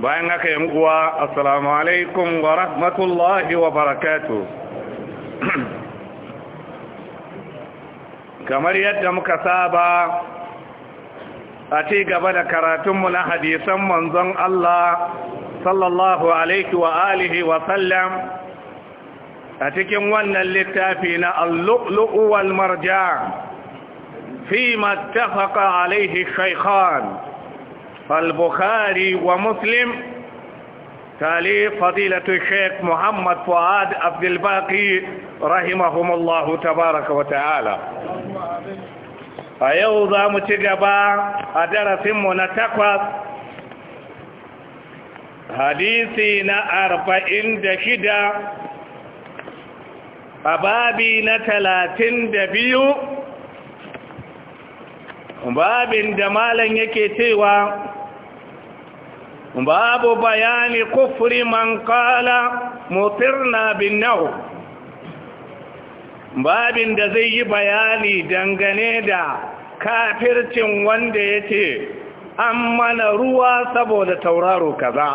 bayan haka yi muguwa assalamu alaikum wa rahmatullahi wa barakatu kamar yadda muka saba a ci gaba da karatunmu na hadisan manzon Allah sallallahu alaihi wa alihi wa sallam a cikin wannan littafi na al-lu'lu'u wal marjan fi mattafaqa alaihi shaykhan فالبخاري ومسلم تالي فضيلة الشيخ محمد فؤاد عبد الباقي رحمهم الله تبارك وتعالى فيوضى متقبا أدرس منتقص حديثنا أربعين دشدا أبابي نتلاتين دبيو babin da malan yake cewa babu bayani kufri man kala mutirna bin nau babin da zai yi bayani dangane da kafircin wanda ya ce an mana ruwa saboda tauraro kaza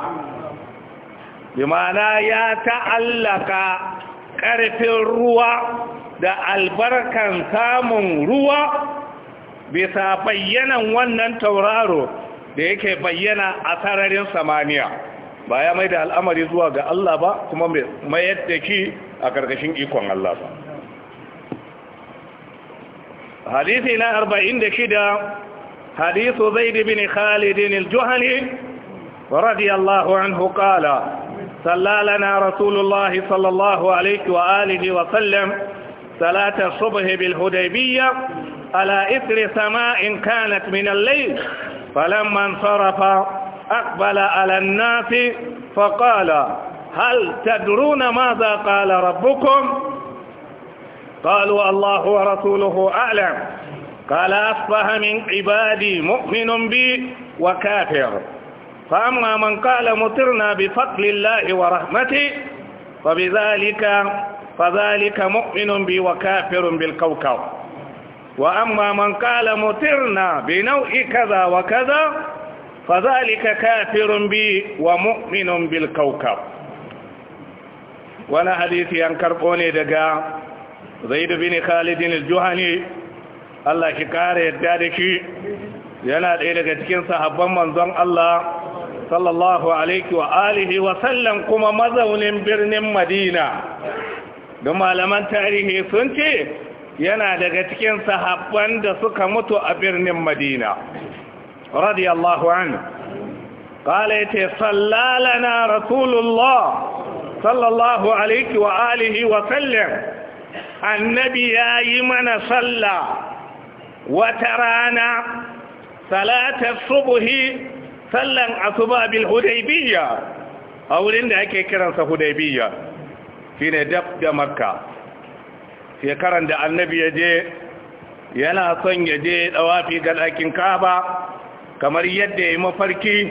bi ya ta'allaka ƙarfin ruwa da albarkan samun ruwa bisa bayyanan wannan tauraro da yake bayyana a sararin samaniya ba ya mai da al'amari zuwa ga Allah ba kuma mai yadda ki a ƙarƙashin ikon Allah ba hadisi na arba'in da shida hadisu zai da bin khalidin al-juhani radiyallahu anhu qala sallalana rasulullahi sallallahu alaihi wa alihi wa sallam salata subhi bil على إثر سماء كانت من الليل فلما انصرف أقبل على الناس فقال هل تدرون ماذا قال ربكم قالوا الله ورسوله أعلم قال أصبح من عبادي مؤمن بي وكافر فأما من قال مطرنا بفضل الله ورحمته فبذلك فذلك مؤمن بي وكافر بالكوكب wa amma man mutirna bi nau'i kaza wa kaza fa zalika kafirun bi wa mu'minun bil kawkab wala hadisi an karbo ne daga zaid bin khalid al-juhani Allah ki kare yadda da shi yana ɗaya daga cikin sahabban manzon Allah sallallahu alaihi wa alihi wa sallam kuma mazaunin birnin Madina da malaman tarihi sun ce yana daga cikin sahabban da suka mutu a birnin madina radiyallahu anhu qala yati sallalana rasulullah sallallahu alayhi wa wa sallam annabi yayi mana salla Wata rana, salata subuhi, sallan asbab A wurin da ake kiransa hudaybiyya fi da makkah shekaran da annabi ya je yana son ya je dawafi ga ɗakin kaba kamar yadda ya yi mafarki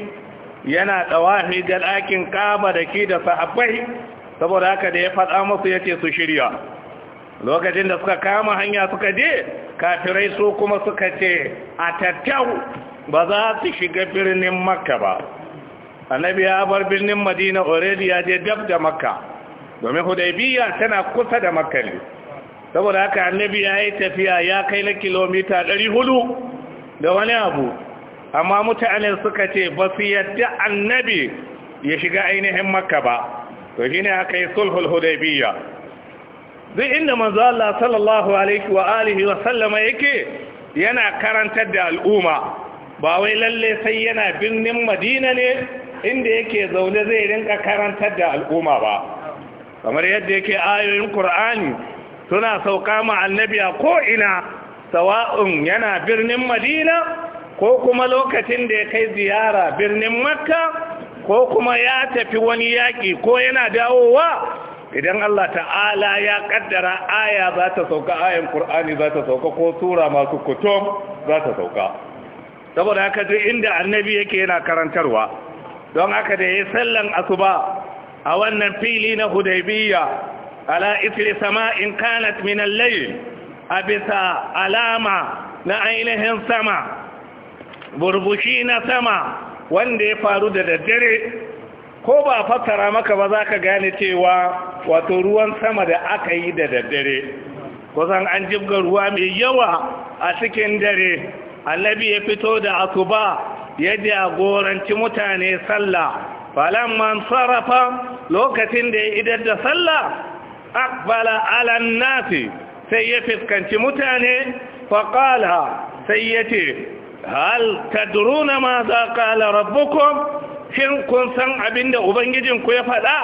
yana dawafi ga ɗakin kaba da ke da sahabbai saboda haka da ya faɗa masu ya ce su shirya lokacin da suka kama hanya suka je kafirai su kuma suka ce a tattau ba za su shiga birnin makka ba annabi ya bar birnin madina oredi ya je dab da makka domin hudaibiyya tana kusa da makka ne saboda haka annabi ya yi tafiya ya kai na kilomita ɗari hudu da wani abu amma mutanen suka ce ba su yadda annabi ya shiga ainihin makka ba to shi ne aka yi sulhul hudaybiya duk inda manzo Allah sallallahu alaihi wa alihi wa sallama yake yana karantar da al'umma ba wai lalle sai yana birnin Madina ne inda yake zaune zai rinka karantar da al'umma ba kamar yadda yake ayoyin Qur'ani suna sauka ma annabi a ko'ina sawa'un yana birnin madina ko kuma lokacin da ya kai ziyara birnin makka ko kuma ya tafi wani yaƙi ko yana dawowa idan Allah ta'ala ya ƙaddara aya za ta sauka ayan Kur'ani za ta sauka ko tura masu kutum za ta sauka saboda haka duk inda annabi yake yana karantarwa don haka da ya sallan asuba a wannan fili na hudaibiyya ala isri sama'in kanat min al a bisa alama na ainihin sama burbushi na sama wanda ya faru da daddare ko ba fassara maka ba za ka gane cewa wato ruwan sama da aka yi da daddare kusan an jibga ruwa mai yawa a cikin dare annabi ya fito da asuba ya jagoranci mutane sallah falan man sarrafa lokacin da ya idar da sallah Aqbala ala nasi sai ya fiskanci mutane faƙala sai ya ce hal tadruna ma za ƙala rabbukum shin kun san abin da ku ya faɗa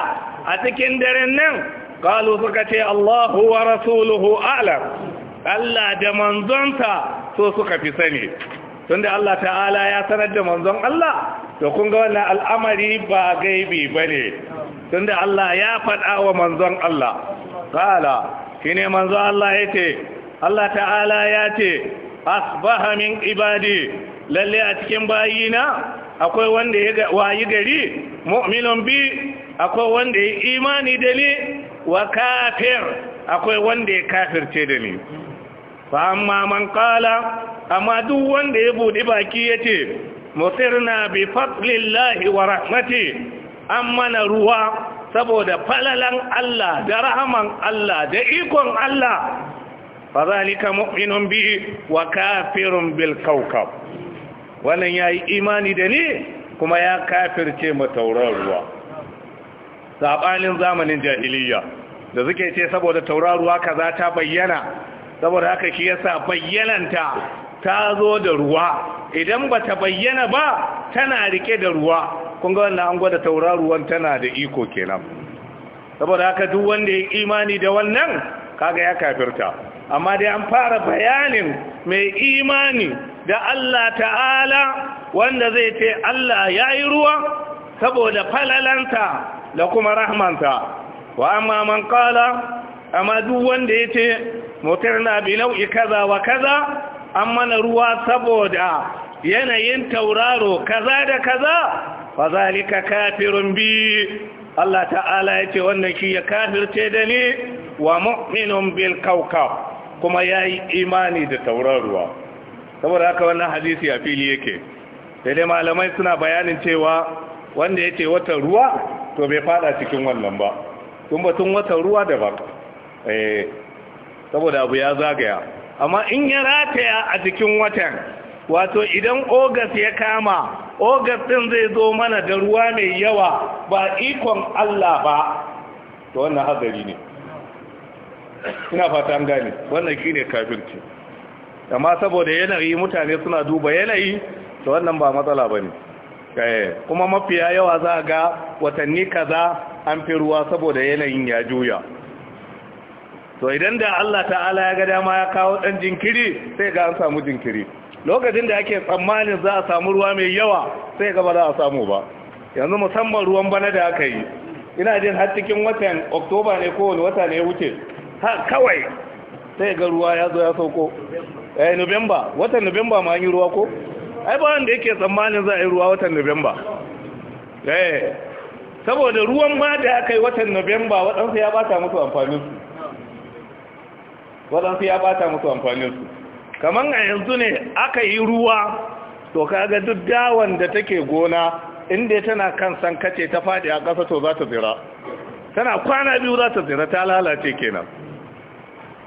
a cikin daren nan Kalu suka ce allahu wa rasuluhu alam allah da manzonta so suka fi sani tunda allah ta'ala ya sanar da manzon allah da kun ga wannan al'amari ba gaibi ba ne tunda allah ya faɗa wa manzon allah qala shine manzo Allah yace Allah ta'ala yace asbaha min ibadi lalle a cikin bayina akwai wanda ya wayi gari mu'minun bi akwai wanda ya imani da ni wa kafir akwai wanda ya kafirce da ni fa amma man qala amma duk wanda ya bude baki yace mutirna bi fadlillahi wa rahmati amma na ruwa saboda falalan Allah da rahaman Allah da ikon Allah fa zalika mu'minun bi wa kafirun bil kawkab wannan yayi imani da ni kuma ya kafirce ruwa sabanin zamanin jahiliya da suke ce saboda tauraruwa kaza ta bayyana saboda haka shi yasa bayyananta ta zo da ruwa idan bata bayyana ba tana rike da ruwa kun ga wannan an gwada tauraruwan tana da iko kenan saboda haka duk wanda ya imani da wannan kaga ya kafirta amma dai an fara bayanin mai imani da Allah ta'ala wanda zai ce Allah ya yi ruwa saboda falalanta da kuma rahmanta wa amma man kala amma duk wanda ya ce motar na nau'i kaza wa kaza an mana ruwa saboda yanayin tauraro kaza da kaza fazalika kafirun bi Allah ta'ala yace wannan shi ya kafirce da ni wa mu'minun bil kawkab kuma yayi imani da tauraruwa saboda haka wannan hadisi a fili yake sai dai malamai suna bayanin cewa wanda ce wata ruwa to bai fada cikin wannan ba kun batun wata ruwa da ba eh saboda abu ya zagaya amma in ya rataya a cikin watan wato idan ogas ya kama ogas ɗin zai zo mana da ruwa mai yawa ba ikon Allah ba to wannan hadari ne ina fatan gane wannan shine kafirci amma saboda yanayi mutane suna duba yanayi to wannan ba matsala bane eh, kuma mafiya yawa za a ga watanni kaza an fi ruwa saboda yanayin ya juya to idan da Allah ta'ala ya ga dama ya kawo ɗan jinkiri sai ga an samu jinkiri lokacin da ake tsammanin za a samu ruwa mai yawa sai gaba za a samu ba yanzu musamman ruwan bana da aka yi ina jin har cikin watan oktoba ne kowane wata ne ya wuce ha kawai sai ga ruwa ya zo ya sauko eh november watan november ma yi ruwa ko ai ba wanda yake tsammanin za a yi ruwa watan november eh saboda ruwan ma da aka yi watan november waɗansu ya bata musu su waɗansu ya bata musu amfaninsu kaman a yanzu ne aka yi ruwa to kaga duk dawan da take gona inda tana kan san sankace ta faɗi a ƙasa to za ta tsira tana kwana biyu za ta tsira ta lalace kenan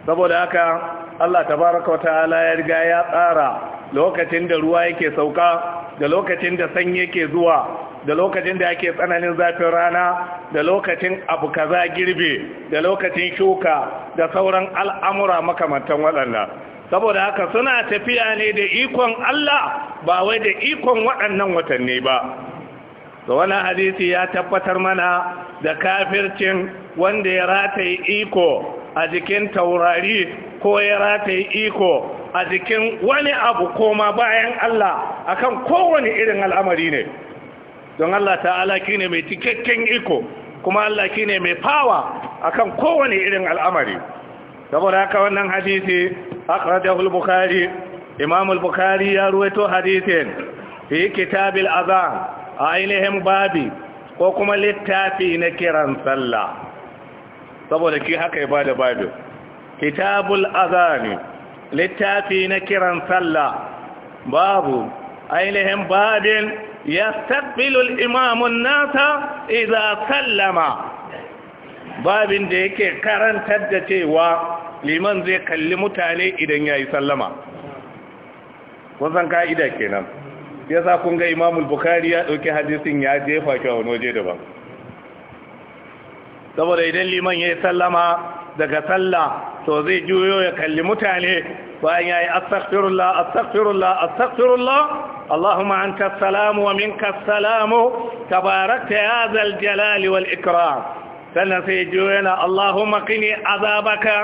saboda haka Allah tabaraka wata'ala ya riga ya tsara lokacin da ruwa yake sauka da lokacin da sanyi yake zuwa da lokacin da yake tsananin zafin rana da lokacin abu kaza girbe da lokacin shuka da sauran al'amura makamantan waɗanda saboda haka suna tafiya ne da ikon Allah ba wai da ikon waɗannan watanni ba da wani hadisi ya tabbatar mana da kafircin wanda ya rataye iko a jikin taurari ko ya ratayi iko a jikin wani abu koma bayan Allah akan kowane irin al'amari ne don Allah ta'ala ne mai cikakken iko kuma Allah ne mai fawa akan kowane irin al'amari saboda haka wannan hadisi akhrajahu al-bukhari imam bukhari ya ruwaito hadithin fi kitab al-adhan ainihin babi ko kuma littafi na kiran sallah saboda ki haka ibada babu kitabul adhan littafi na kiran salla, babu ainihin babin yastaqbilu al-imamu nasa sallama babin da yake karantar da cewa liman zai kalli mutane idan ya yi sallama wasan ka'ida kenan ya sa kun ga imamul bukari ya ɗauki hadisin ya jefa kyau wani waje daban saboda idan liman ya yi sallama daga sallah to zai juyo ya kalli mutane bayan ya yi astaghfirullah astaghfirullah astaghfirullah Allahumma anta salamu wa minka salamu tabarakta ya zal jalali wal ikram sannan sai juya yana Allahumma qini azabaka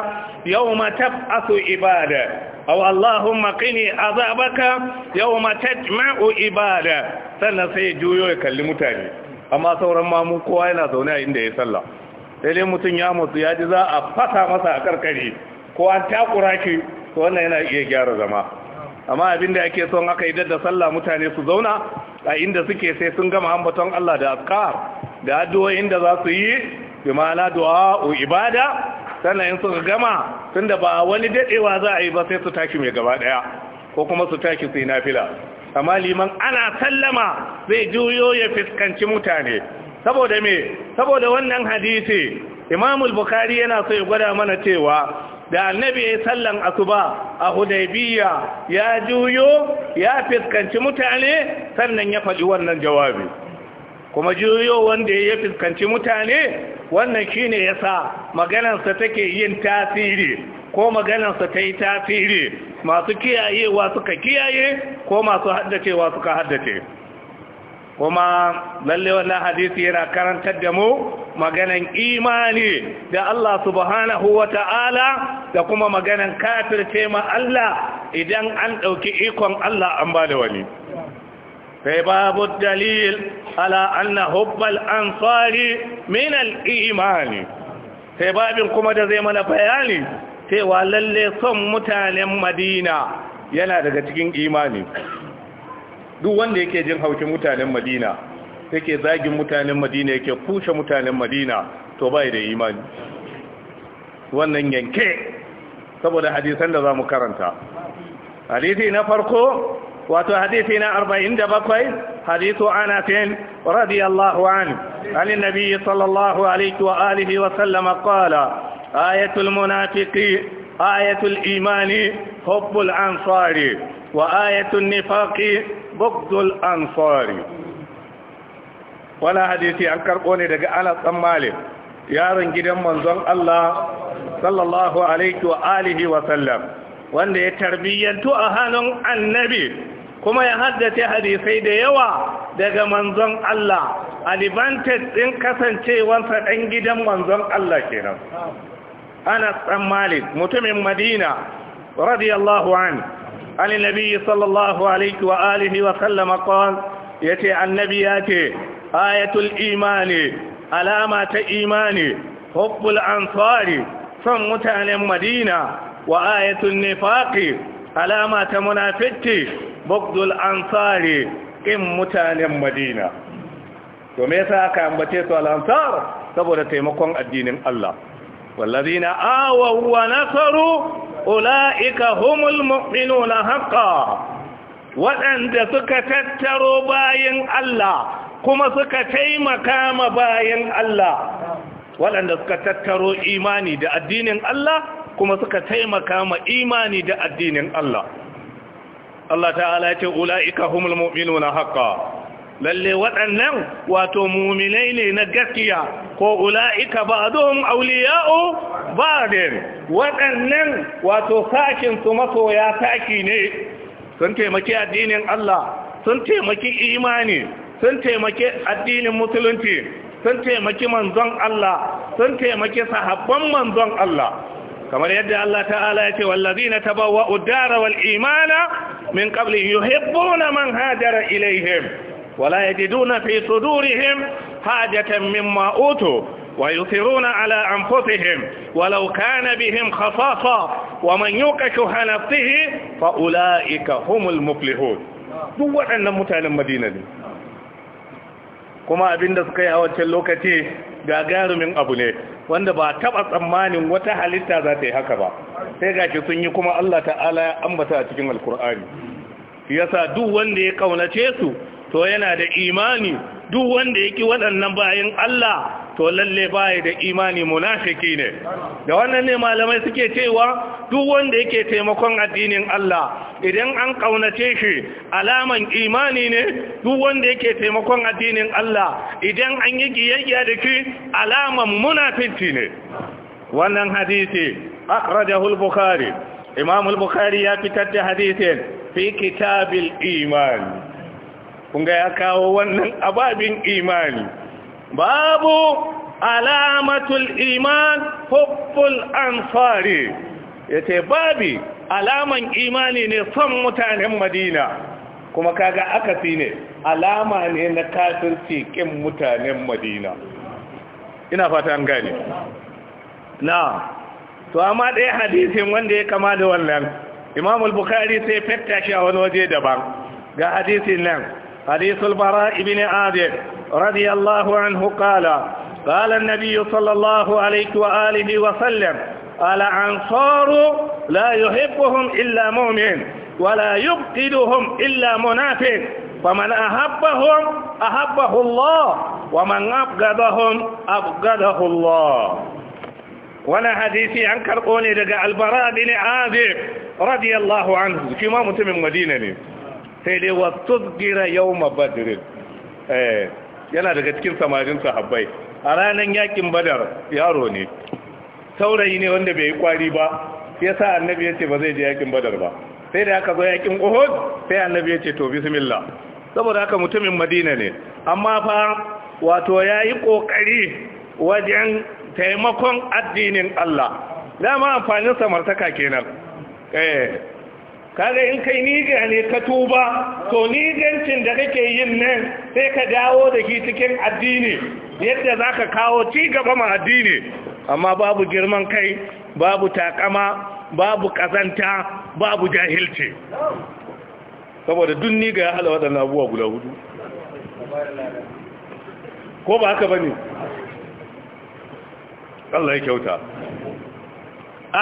yawma tab'athu ibada aw Allahumma qini azabaka yawma tajma'u ibada sannan sai jiyo ya kalli mutane amma sauran ma mu kowa yana zaune a inda ya sallah sai dai mutum ya mutu ya ji za a fasa masa a karkare ko an takura ki to wannan yana iya gyara zama amma abinda ake son aka yi da sallah mutane su zauna a inda suke sai sun gama ambaton Allah da azkar da addu'o'in da za su yi bi ma'ana du'a ibada sannan in suka gama tunda ba wani dadewa za a yi ba sai su taki mai gaba daya ko kuma su tashi sai nafila amma liman ana sallama zai juyo ya fiskanci mutane saboda me saboda wannan hadisi imamul bukhari yana so ya gwada mana cewa da annabi ya sallan asuba a hudaybiya ya juyo ya fiskanci mutane sannan ya faɗi wannan jawabi kuma juyo wanda ya fiskanci mutane wannan shi ne ya sa maganarsa take yin tasiri ko maganarsa ta yi tasiri masu kiyayewa suka kiyaye ko masu haddacewa suka haddace kuma lalle wannan hadisi yana karantar da mu maganan imani da Allah subhanahu wa ta'ala da kuma maganan kafirce ma Allah idan an ɗauki ikon Allah an ba da wani sai babu dalil ala anna hubbal ansari min imani sai babin kuma da zai mana bayani cewa lallai son mutanen madina yana daga cikin imani duk wanda yake jin haukin mutanen madina yake zagin mutanen madina yake kushe mutanen madina to bai da imani wannan yanke saboda hadisan da za mu karanta hadisi na farko wato hadisi na arba'in da bakwai hadisu ana fin radiyallahu an alin nabi sallallahu alaihi wa alihi wa sallama kwala ayatul munafiki ayatul imani hubbul ansari wa ayatul nifaki bugdul ansari wala hadisi an karɓo ne daga ana tsammali yaron gidan manzon Allah sallallahu alaihi wa alihi wa sallam wanda ya tarbiyyantu a hannun annabi kuma ya haddace hadisai da yawa daga manzon Allah alibantar ɗin kasancewarsa ɗan gidan manzon Allah kenan Anas ɗan Malik mutumin Madina radiyallahu an عن النبي صلى الله عليه وآله وسلم قال يتي النبي ayatul آية alama ta إيمان حب الأنصار son mutanen madina wa ayatul nifaƙi, alama ta munafiqi bugdul ansari in mutanen madina to me sa aka ambace su al saboda taimakon addinin Allah wallazina awaw wa nasaru ulaika humul mu'minuna haqqan waɗanda suka tattaro bayan Allah kuma suka taimaka ma bayan Allah waɗanda suka tattaro imani da addinin Allah kuma suka taimaka ma imani da addinin Allah Allah ta'ala ya ce ula'ika humul mu'minuna haqqan lalle waɗannan wato muminai ne na gaskiya ko ula'ika ba don auliya'u ba waɗannan wato su masoya saki ne sun taimaki addinin Allah sun taimaki imani sun taimaki addinin musulunci sun taimaki manzon Allah sun taimaki sahabban manzon Allah kamar yadda Allah ta'ala yake ce wallazina tabawwa'u dara wal imana min qabli yuhibbuna man hajara ilaihim wala yajiduna fi sudurihim hajatan mimma utu wa yuthiruna ala anfusihim walau kana bihim khasasa wa man yuqashu shuha nafsihi fa ulaika humul muflihun duk waɗannan mutanen Madina ne kuma abinda suka yi a wancan lokaci gagarumin abu ne wanda ba taba tsammanin wata halitta za ta yi haka ba sai gashi sun yi kuma Allah ta'ala ya ambata a cikin alkur'ani yasa duk wanda ya kaunace su to yana da imani duk wanda yake waɗannan bayan Allah to lalle baya da imani munafiki ne da wannan ne malamai suke cewa duk wanda yake taimakon addinin Allah idan an kaunace shi alaman imani ne duk wanda yake taimakon addinin Allah idan an yi giyayya da shi alaman munafiki ne wannan hadisi akhrajahu al-bukhari imam al-bukhari ya fitar da hadisin fi kitabil iman kunga ya kawo wannan ababin imani babu alamatul iman hubbul ansari yace babi alaman imani ne son mutanen madina kuma kaga aka fi ne alama ne na kafirci kin mutanen madina ina fata an gane na to amma ɗaya hadisin wanda ya kama da wannan Imamul al-bukhari sai fetta shi a wani waje daban ga hadisin nan حديث البراء بن عازب رضي الله عنه قال قال النبي صلى الله عليه وآله وسلم انصار لا يحبهم إلا مؤمن ولا يبقدهم إلا منافق فمن أحبهم أحبه الله ومن أبغضهم أبغضه الله وانا حديثي عن كرقوني لقى البراء بن عازب رضي الله عنه كما متم المدينة sai dai wasu tuzgira yau badr badirin. Eh, yana daga cikin samarin sahabbai a ranar yakin badar yaro ne saurayi ne wanda bai yi kwari ba Ya sa annabi ya ce ba zai je yakin badar ba sai da aka zo yakin uhud sai annabi ya ce to bismillah saboda haka mutumin madina ne amma fa wato ya yi kokari wajen taimakon addinin Allah dama amfanin samartaka kenan eh kaga in kai niga ne ka tuba to nigancin da kake yin nan sai ka dawo da shi cikin addini yadda za ka kawo ci gaba ma addini amma babu girman kai babu takama babu kazanta babu jahilci saboda duk niga ya hala waɗannan abubuwa guda hudu ko ba haka ba ne Allah ya kyauta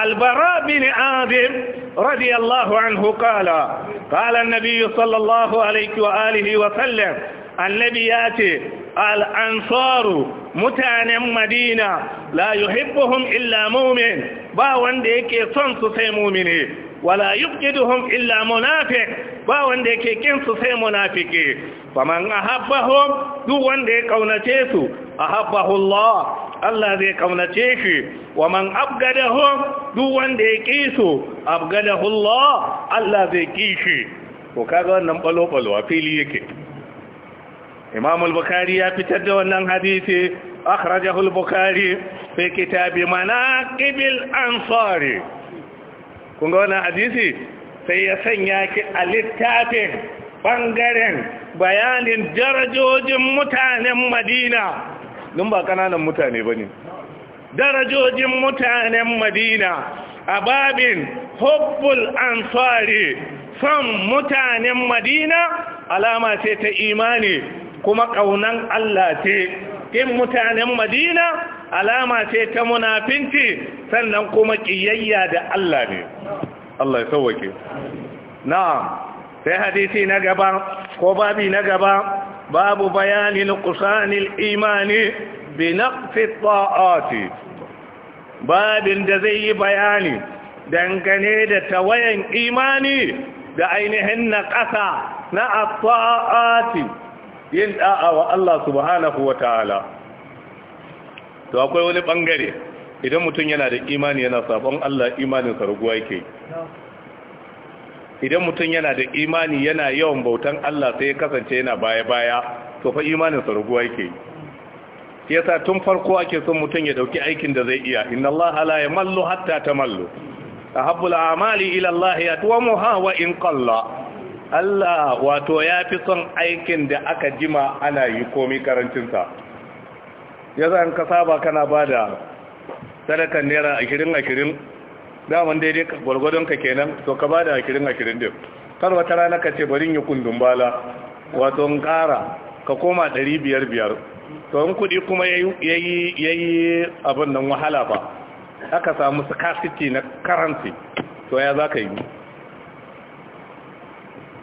البراء بن عازب رضي الله عنه قال قال النبي صلى الله عليه وآله annabi ya ce al'ansaru mutanen madina la yuhibbuhum illa mumin ba wanda yake son su sai mumine wala yubgiduhum illa munafiq ba wanda yake kin su sai munafiki faman ahabbahum duk wanda ya kaunace su ahabbahu Allah Allah zai kaunace shi wa man abgadahu duk wanda ya ƙi su abgadahu Allah Allah zai kishi shi kaga wannan balo-balo a fili yake Imam al-Bukhari ya fitar da wannan hadisi akhrajahu al-Bukhari fi kitab manaqib al-ansar kun ga wannan hadisi sai ya sanya ki a littafin bangaren bayanin darajojin mutanen Madina don ba kananan mutane ba ne darajojin mutanen madina a babin hubbul ansari son mutanen madina alama ce ta imani kuma ƙaunan Allah ce kin mutanen madina alama ce ta munafinci sannan kuma ƙiyayya da Allah ne Allah ya sauwake Na sai hadisi na gaba ko babi na gaba باب بيان نقصان الإيمان بنقف الطاعات باب دزي بياني دنكني دتوين إيماني دعينهن قصى نع الطاعات ينقع الله سبحانه وتعالى to akwai wani bangare idan mutum yana da imani yana sabon Allah imaninsa ruguwa yake idan mutum yana da imani yana yawan bautan Allah sai ya kasance yana baya-baya to fa imanin sa ruguwa yake shi yasa tun farko ake son mutum ya dauki aikin da zai iya inna Allah la yamallu hatta tamallu ahabbul a'mali ila Allah yatwamuha wa in qalla Allah wato ya fi son aikin da aka jima ana yi komai karancin sa yasa an ka saba kana bada sadakan naira 20 20 daman daidai gwargwadon ka kenan to ka ba da akirin akirin din kar wata rana ka ce bari yi kundin bala wato in ƙara ka koma ɗari biyar biyar to in kuɗi kuma ya yi abin nan wahala ba aka samu scarcity na currency to ya za ka yi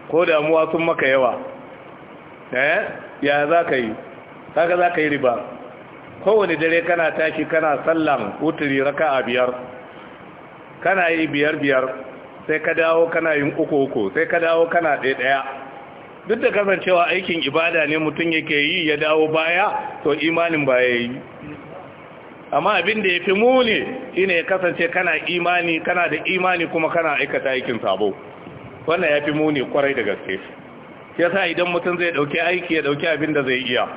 ko damuwa sun maka yawa eh ya za ka yi kaga za ka yi riba kowane dare kana tashi kana sallan wuturi raka a biyar kana yi biyar biyar sai ka dawo kana yin uku uku sai ka dawo kana ɗaya ɗaya duk da kasancewa aikin ibada ne mutum yake yi ya dawo baya to imanin ba ya yi amma abin da ya fi muni shine ya kasance kana imani kana da imani kuma kana aikata aikin sabo wannan ya fi muni kwarai da gaske yasa idan mutum zai ɗauki aiki ya ɗauki abin da zai iya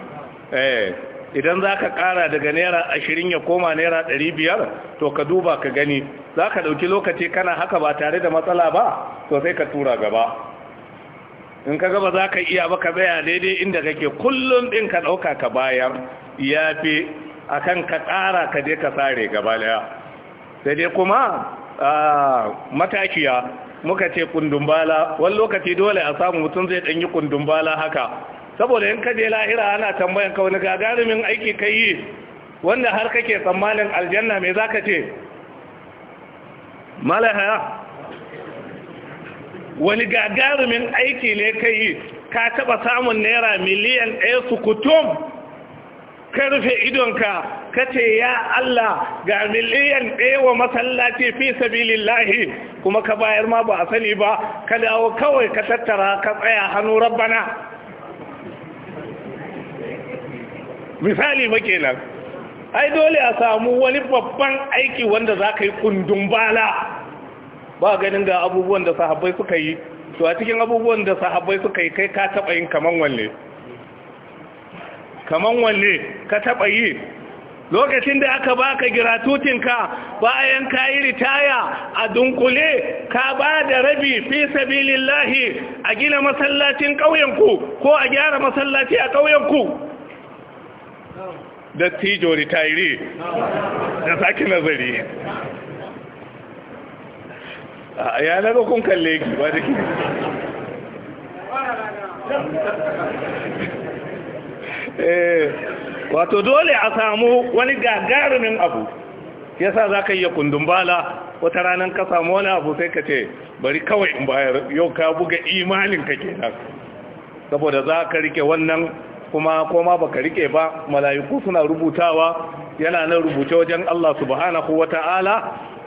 eh idan za ka ƙara daga naira ashirin ya koma naira ɗari biyar to ka duba ka gani za ka ɗauki lokaci kana haka ba tare da matsala ba to sai ka tura gaba in ka gaba za ka iya ba ka tsaya daidai inda ke kullum ɗin ka ɗauka ka bayar ya fi a kan ka ƙara ka je ka sare gaba ɗaya sai dai kuma matakiya muka ce kundumbala wani lokaci dole a samu mutum zai ɗanyi kundumbala haka saboda in ka je lahira ana tambayan ka wani gagarumin aiki ka yi wanda har kake tsammanin aljanna mai za ka ce malaha wani gagarumin aiki ne ka yi ka taɓa samun naira miliyan ɗaya su kutum ka rufe idonka ka ce ya Allah ga miliyan ɗaya wa masallaci fi sabilillahi kuma ka bayar ma ba a sani ba ka dawo kawai ka tattara ka tsaya hannu rabbana misali makenan ai dole a samu wani babban aiki wanda za ka yi kundin bala ba ganin ga abubuwan da sahabbai suka yi to a cikin abubuwan da sahabbai suka yi kai ka taɓa yin kaman wanne kaman wanne ka taɓa yi lokacin da aka baka tutinka bayan ka yi ritaya a dunkule ka ba da rabi fi sabilillahi a gina masallacin ƙauyenku ko a gyara masallaci a ƙauyenku dattijo ritayire da sake nazari a yanar kun kalle ki ba da ke. Eh, wato dole a samu wani gagarumin abu yasa za ka iya kundin bala wata ranar ka samu wani abu sai ka ce bari kawai in bayar yau ka buga imanin ka kenan saboda za ka rike wannan kuma koma baka rike ba mala'iku suna rubutawa yana nan rubuce wajen Allah subhanahu wata'ala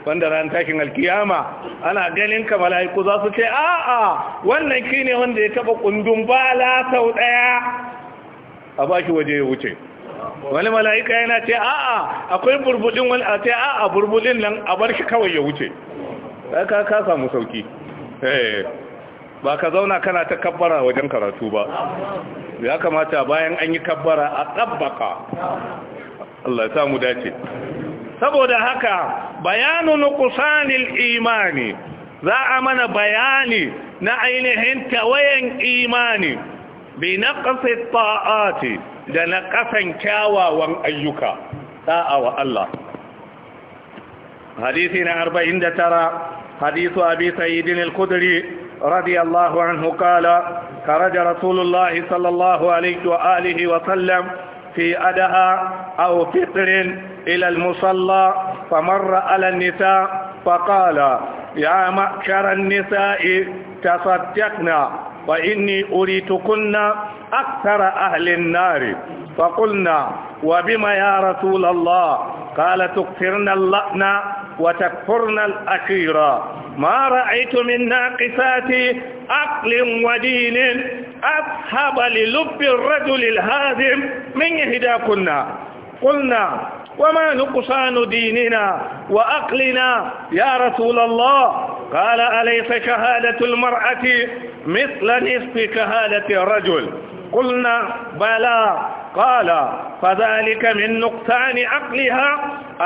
wanda ran takin alkiyama ana ganin ka mala'iku za su ce a'a wannan kine wanda ya taba kundun bala sau daya a baki waje ya wuce wani mala'ika yana ce a'a akwai burbudin wani a ce a'a burbudin nan a bar shi kawai ya wuce ka ka samu sauki eh, ba ka zauna kana ta kabbara wajen karatu ba ya kamata bayan an yi kabbara a tsabbaka Allah ya samu dace saboda haka bayanu nuqsanil imani za a mana bayani na ainihin tawayen imani bi naqsi ta'ati da naqasan kyawawan ayyuka ta'a wa Allah hadisi na 49 hadisu abi sayyidin al-khudri رضي الله عنه قال خرج رسول الله صلى الله عليه وآله وسلم في أدها أو فطر إلى المصلى فمر على النساء فقال يا معشر النساء تصدقنا وإني أريتكن أكثر أهل النار فقلنا وبما يا رسول الله قال تكثرن اللأنا وتكفرن الأخيرة ما رأيت من ناقصات عقل ودين أصحب للب الرجل الهادم من إهداكن قلنا وما نقصان ديننا وأقلنا يا رسول الله قال أليس شهادة المرأة مثل نصف شهادة الرجل قلنا بلى قال فذلك من نقصان عقلها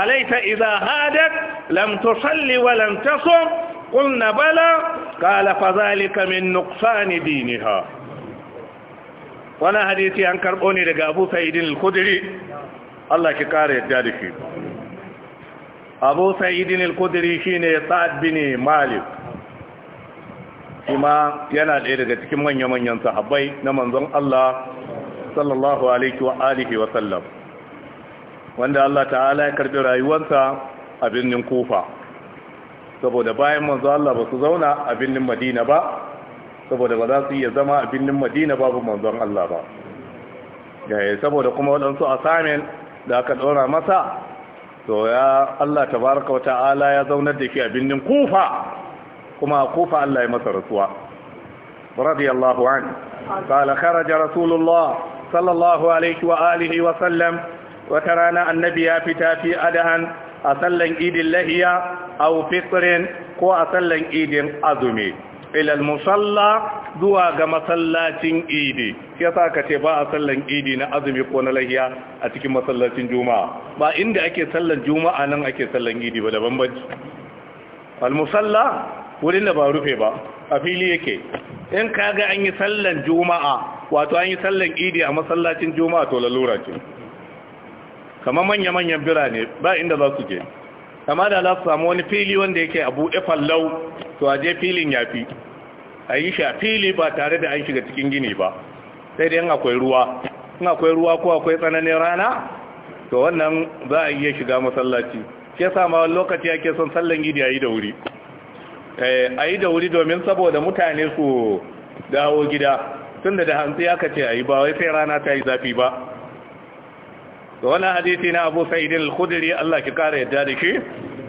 أليس إذا هادت لم تصل ولم تصم قلنا بلى قال فذلك من نقصان دينها وانا حديثي عن كربوني لقابو سيد الخدري الله كقاري الجارشي أبو سيد الخدري شيني سعد بن مالك kuma yana ɗaya daga cikin manya-manyan sahabbai na manzon Allah sallallahu alaihi wa alihi wa sallam wanda Allah ta'ala ya karbi rayuwarsa a birnin Kufa saboda bayan manzo Allah ba su zauna a birnin Madina ba saboda ba za su iya zama a birnin Madina babu manzon Allah ba eh, saboda kuma waɗansu assignment da aka ɗora masa to ya Allah tabaraka wata'ala ya zaunar da shi a birnin Kufa kuma a Kufa Allah ya masa rasuwa radiyallahu an qala kharaja rasulullah sallallahu alaihi wa wa sallam wata rana annabi ya fita fi adahan a sallan idin lahiya aw fitrin ko a sallan idin azumi ilal musalla zuwa ga masallacin idi shi yasa ka ce ba a sallan idi na azumi ko na lahiya a cikin masallacin juma'a ba inda ake sallan juma'a nan ake sallan idi ba da bambanci al musalla wurin da ba rufe ba a fili yake in kaga an yi sallan juma'a wato an yi sallan idi a masallacin juma'a to lalura ce kamar manya-manyan birane ba inda za su je kama da za su samu wani fili wanda yake Abu buɗe fallau to a je filin ya fi a yi shi a fili ba tare da an shiga cikin gini ba sai dai akwai ruwa in akwai ruwa ko akwai tsananin rana to wannan za a iya shiga masallaci Ke sama ma wani lokaci ake son sallan gidi a yi da wuri eh, a yi da wuri domin saboda mutane su dawo gida tunda da hantsi aka ce ayi ba wai sai rana ta yi zafi ba ga wani hadisi na Abu Sa'id al-Khudri Allah ki kare yadda da shi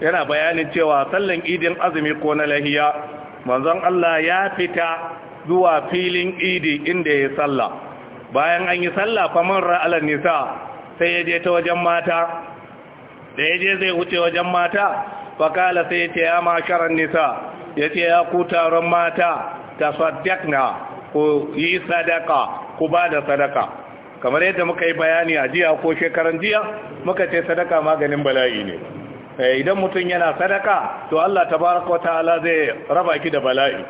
yana bayanin cewa sallan idin azumi ko na lahiya manzon Allah ya fita zuwa filin idi inda ya salla bayan an yi salla man ra'alan nisa sai ya je ta wajen mata da ya je zai wuce wajen mata kala sai ya ce ya nisa ya ce ya ku taron mata ta ku yi sadaka ko ba da sadaka kamar yadda muka yi bayani a jiya ko shekaran jiya muka ce sadaka maganin bala'i ne eh, idan mutum yana sadaka to Allah tabaraka ta'ala zai raba ki da bala'i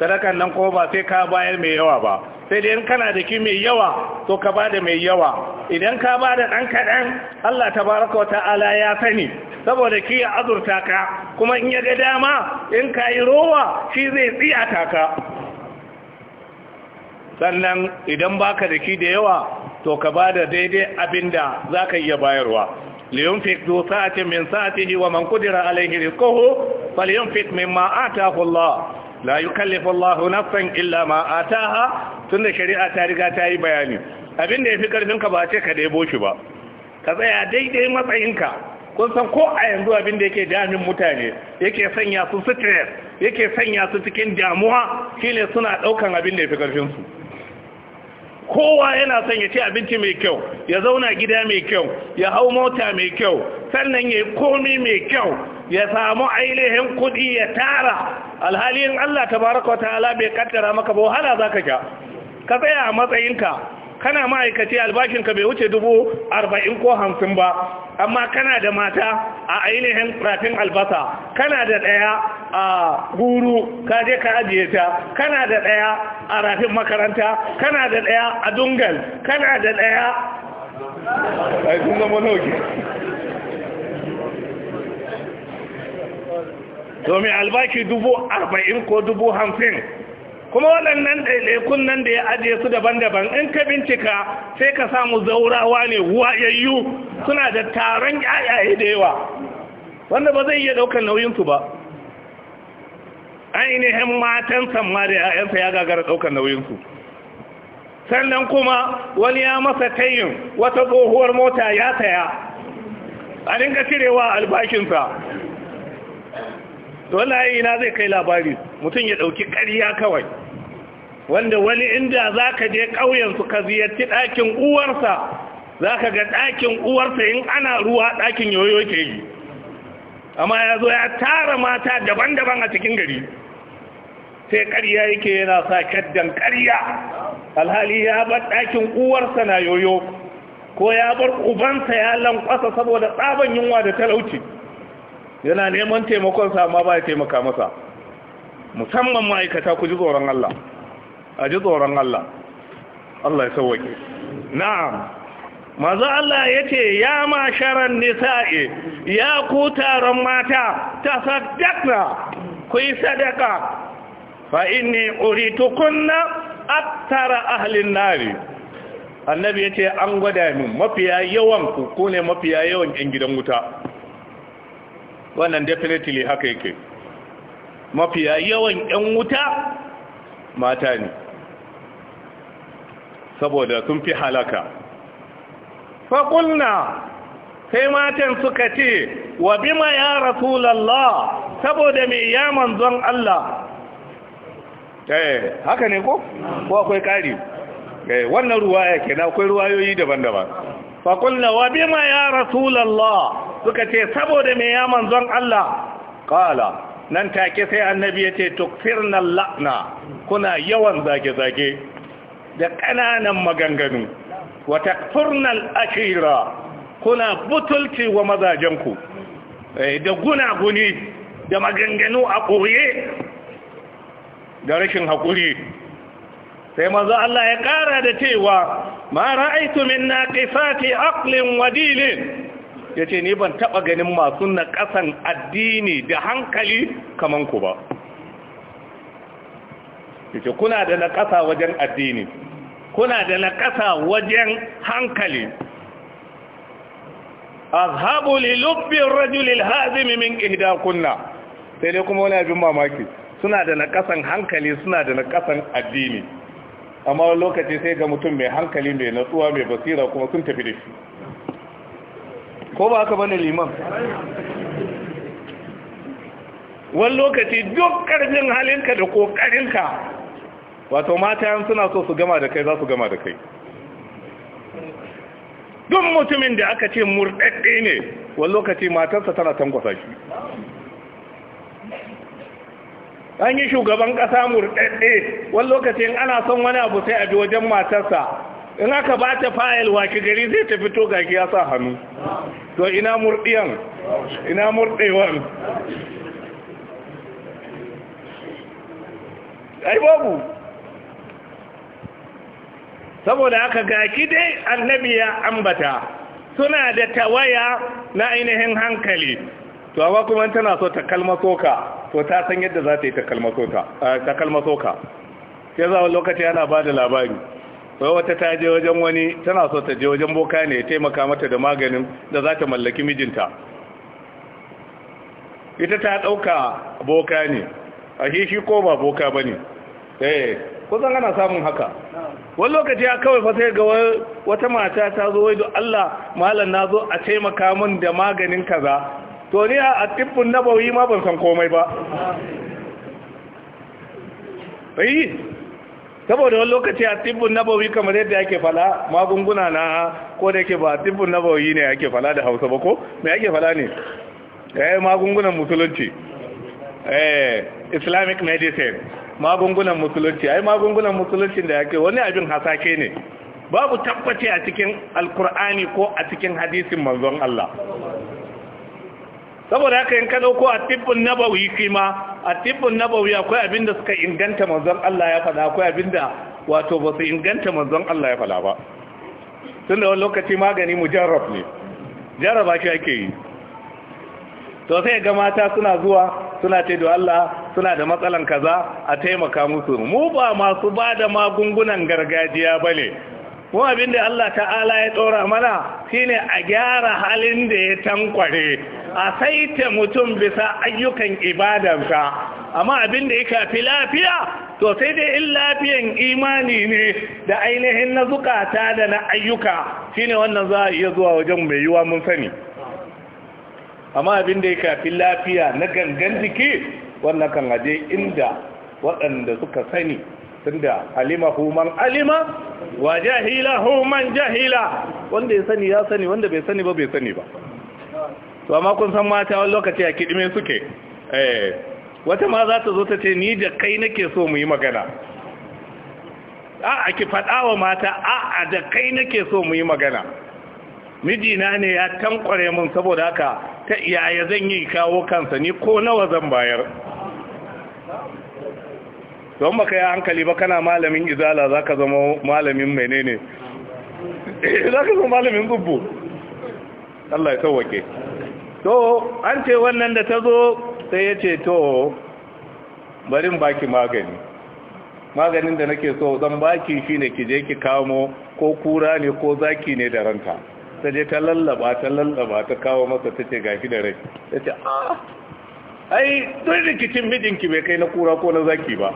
sadakan nan ko ba sai ka bayar mai yawa ba sai dai kana da ki mai yawa to ka bada mai yawa idan ka bada dan kadan Allah tabaraka wa ta'ala ya sani saboda ki ya azurta ka kuma in ya ga dama in ka yi rowa shi zai tsiyata ka sannan idan baka da shi da yawa to ka ba da daidai abinda za ka iya bayarwa fi du sa'atin min sa'atihi wa man qudira alayhi rizquhu falyunfik mimma ataahu Allah la yukallifu Allah nafsan illa ma ataaha tunda shari'a ta riga ta yi bayani abinda yafi karfin ka ba ce ka debo shi ba ka tsaya daidai matsayinka kun san ko a yanzu abin da yake damin mutane yake sanya su stress yake sanya su cikin damuwa shine suna ɗaukan abin da yafi karfin su kowa yana son ya ci abinci mai kyau ya zauna gida mai kyau ya hau mota mai kyau sannan ya yi komi mai kyau ya samu ainihin kuɗi ya tara alhalin Allah Ta baraka tabaraka ta'ala bai kaddara maka ba wahala zaka sha ka tsaya a matsayinka kana ma'aikaci albashinka bai wuce dubu arba'in ko hamsin ba amma kana da mata a ainihin rafin albasa kana da ɗaya a guru ka je ka ajiye ta kana da ɗaya a rafin makaranta kana da ɗaya a dungal kana da ɗaya a yi zama domin albashi dubu arba'in ko dubu hamsin kuma waɗannan ɗaiɗaikun nan da ya ajiye su daban-daban in ka bincika sai ka samu zaurawa ne wayayyu suna da taron yayaye da yawa wanda ba zai iya ɗaukar nauyinsu ba ainihin matan samma da yayansa ya gagara ɗaukar nauyinsu sannan kuma wani ya masa tayin wata tsohuwar mota ya saya a dinga cirewa albashinsa wallahi ina zai kai labari mutum ya ɗauki ƙarya kawai wanda wani inda za ka je ƙauyensu ka ziyarci ɗakin uwarsa za ka ga ɗakin uwarsa in ana ruwa ɗakin yoyo ke yi amma ya zo ya tara mata daban-daban a cikin gari sai ƙarya yake yana sa kyaddan ƙarya alhali ya bar ɗakin uwarsa na yoyo ko ya bar ubansa ya lankwasa saboda tsaban yunwa da talauci yana neman taimakonsa amma ba ya taimaka masa musamman ma'aikata ku ji tsoron Allah a ji tsoron Allah Allah ya sauwake na'am maza Allah ya ce ya masharan nisa'i ya ku taron mata ta sadaka ku yi sadaka fa inni uritukunna attara ahalin nari annabi ya ce an gwada min mafiya yawan ku Ku ne mafiya yawan yan gidan wuta wannan definitely haka yake mafiya yawan yan wuta mata ne saboda sun fi halaka faƙulna sai matan suka ce wa bima ya rasulallah saboda mai ya manzon Allah eh, haka ne ko ko akwai ƙari eh, Wannan ruwa ya ke kenan akwai ruwayoyi daban-daban faƙulna wa bima ya rasulallah suka ce saboda mai ya manzon Allah ƙala nan take sai annabi ya ce tukfirna la'na kuna yawan zage-zage da ƙananan maganganu wata takfurnal ashira kuna butulci wa mazajenku eh, da gunaguni da maganganu a ɓoye da rashin haƙuri sai maza Allah ya ƙara da cewa ma ra'aitu min naqisati aqlin wa ya ce ni ban taɓa ganin masu naƙasan addini da hankali kamanku ba yace kuna da ƙasa wajen addini kuna da ƙasa wajen hankali azhabu li lubbi ar-rajul al-hazim min sai dai kuma wani abin mamaki suna da ƙasan hankali suna da ƙasan addini amma wani lokaci sai ga mutum mai hankali mai natsuwa mai basira kuma sun tafi da shi ko ba haka bane liman wani lokaci duk ƙarfin halinka da ƙoƙarinka wato mata yan suna so su gama da kai za su gama da kai duk mutumin da aka ce murɗaɗɗe ne wani lokaci matarsa tana tankwasa shi an yi shugaban ƙasa murɗaɗɗe wani lokacin ana son wani abu sai a bi wajen matarsa in aka ba ta fayil waki gari zai ta fito gaki ya sa hannu to ina murɗiyan ina murɗewan ai babu saboda haka ga kide, annabi ya ambata suna da tawaya na ainihin hankali to amma kuma tana so ta kalmaso ka to ta san yadda za ta yi ta kalmaso ka sai za lokaci yana ba da labari sai wata ta je wajen wani tana so ta je wajen boka ne ya taimaka mata da maganin da za ta mallaki mijinta ita ta ɗauka boka ne a shi ko ba boka ba ne eh. zan ana samun haka wani lokaci ya kawai fasai ga wata mata ta zo wai Allah malam na zo a taimaka min da maganin kaza to ni a tibbin nabawi ma ban san komai ba bai saboda wani lokaci a tibbin nabawi kamar yadda yake fala magunguna na ko da yake ba tibbin nabawi ne yake fala da hausa ba ko mai yake fala ne eh magungunan musulunci eh islamic medicine magungunan musulunci ai magungunan musulunci da yake wani abin hasake ne babu tabbaci a cikin alkur'ani ko a cikin hadisin manzon Allah saboda haka in ka dauko a tibbun nabawi kima a tibbun nabawi akwai abin da suka inganta manzon Allah ya faɗa akwai abin da wato ba su inganta manzon Allah ya faɗa ba tun da wani lokaci magani mujarrab ne jarraba shi ake yi to sai ga mata suna zuwa suna ce da Allah suna da matsalan kaza a taimaka musu mu ba masu ba da magungunan gargajiya ba ne mu abinda Allah ta'ala ya ɗora mana shine a gyara halin da ya tankware a saita mutum bisa ayyukan ibadansa amma abinda ya kafi lafiya to sai dai in lafiyan imani ne da ainihin na zukata da na ayyuka shine wannan za a iya zuwa wajen mai yiwa mun sani amma abin da ya kafi lafiya na gangan jiki wannan kan aje inda waɗanda suka sani tunda alima human alima wa jahila human jahila wanda ya sani ya sani wanda bai sani ba bai sani ba to amma kun san mata wani lokaci a kidime suke eh wata ma za ta zo ta ce ni da kai nake so mu yi magana a'a ki faɗa wa mata a'a da kai nake so mu yi magana mijina ne ya tankware mun saboda haka ta iyaye zan yi kawo kansa ni ko nawa zan bayar don baka yi hankali ba kana malamin izala za ka zama malamin menene za ka zama malamin zubbu Allah ya sauwake to an ce wannan da ta zo sai ya ce to barin baki magani maganin da nake so zan baki ne ki je ki kamo ko kura ne ko zaki ne da ranta ta je ta lallaba ta lallaba ta kawo masa ta ce gashi da rai ta ce a ah, ai duk rikicin mijinki bai kai na kura ko na zaki ba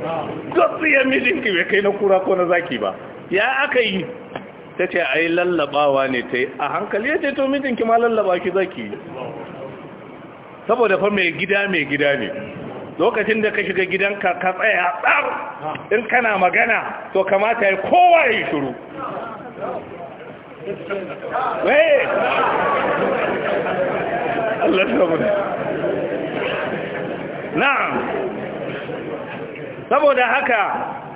duk mijinki bai kai na kura ko na zaki ba ya aka yi ta ce ai lallabawa ne ta yi a hankali ya ce to mijinki ma lallaba ki zaki saboda fa mai gida mai gida ne lokacin da ka shiga gidanka ka tsaya tsar in kana magana to kamata ya kowa ya yi shuru eh! na'am saboda haka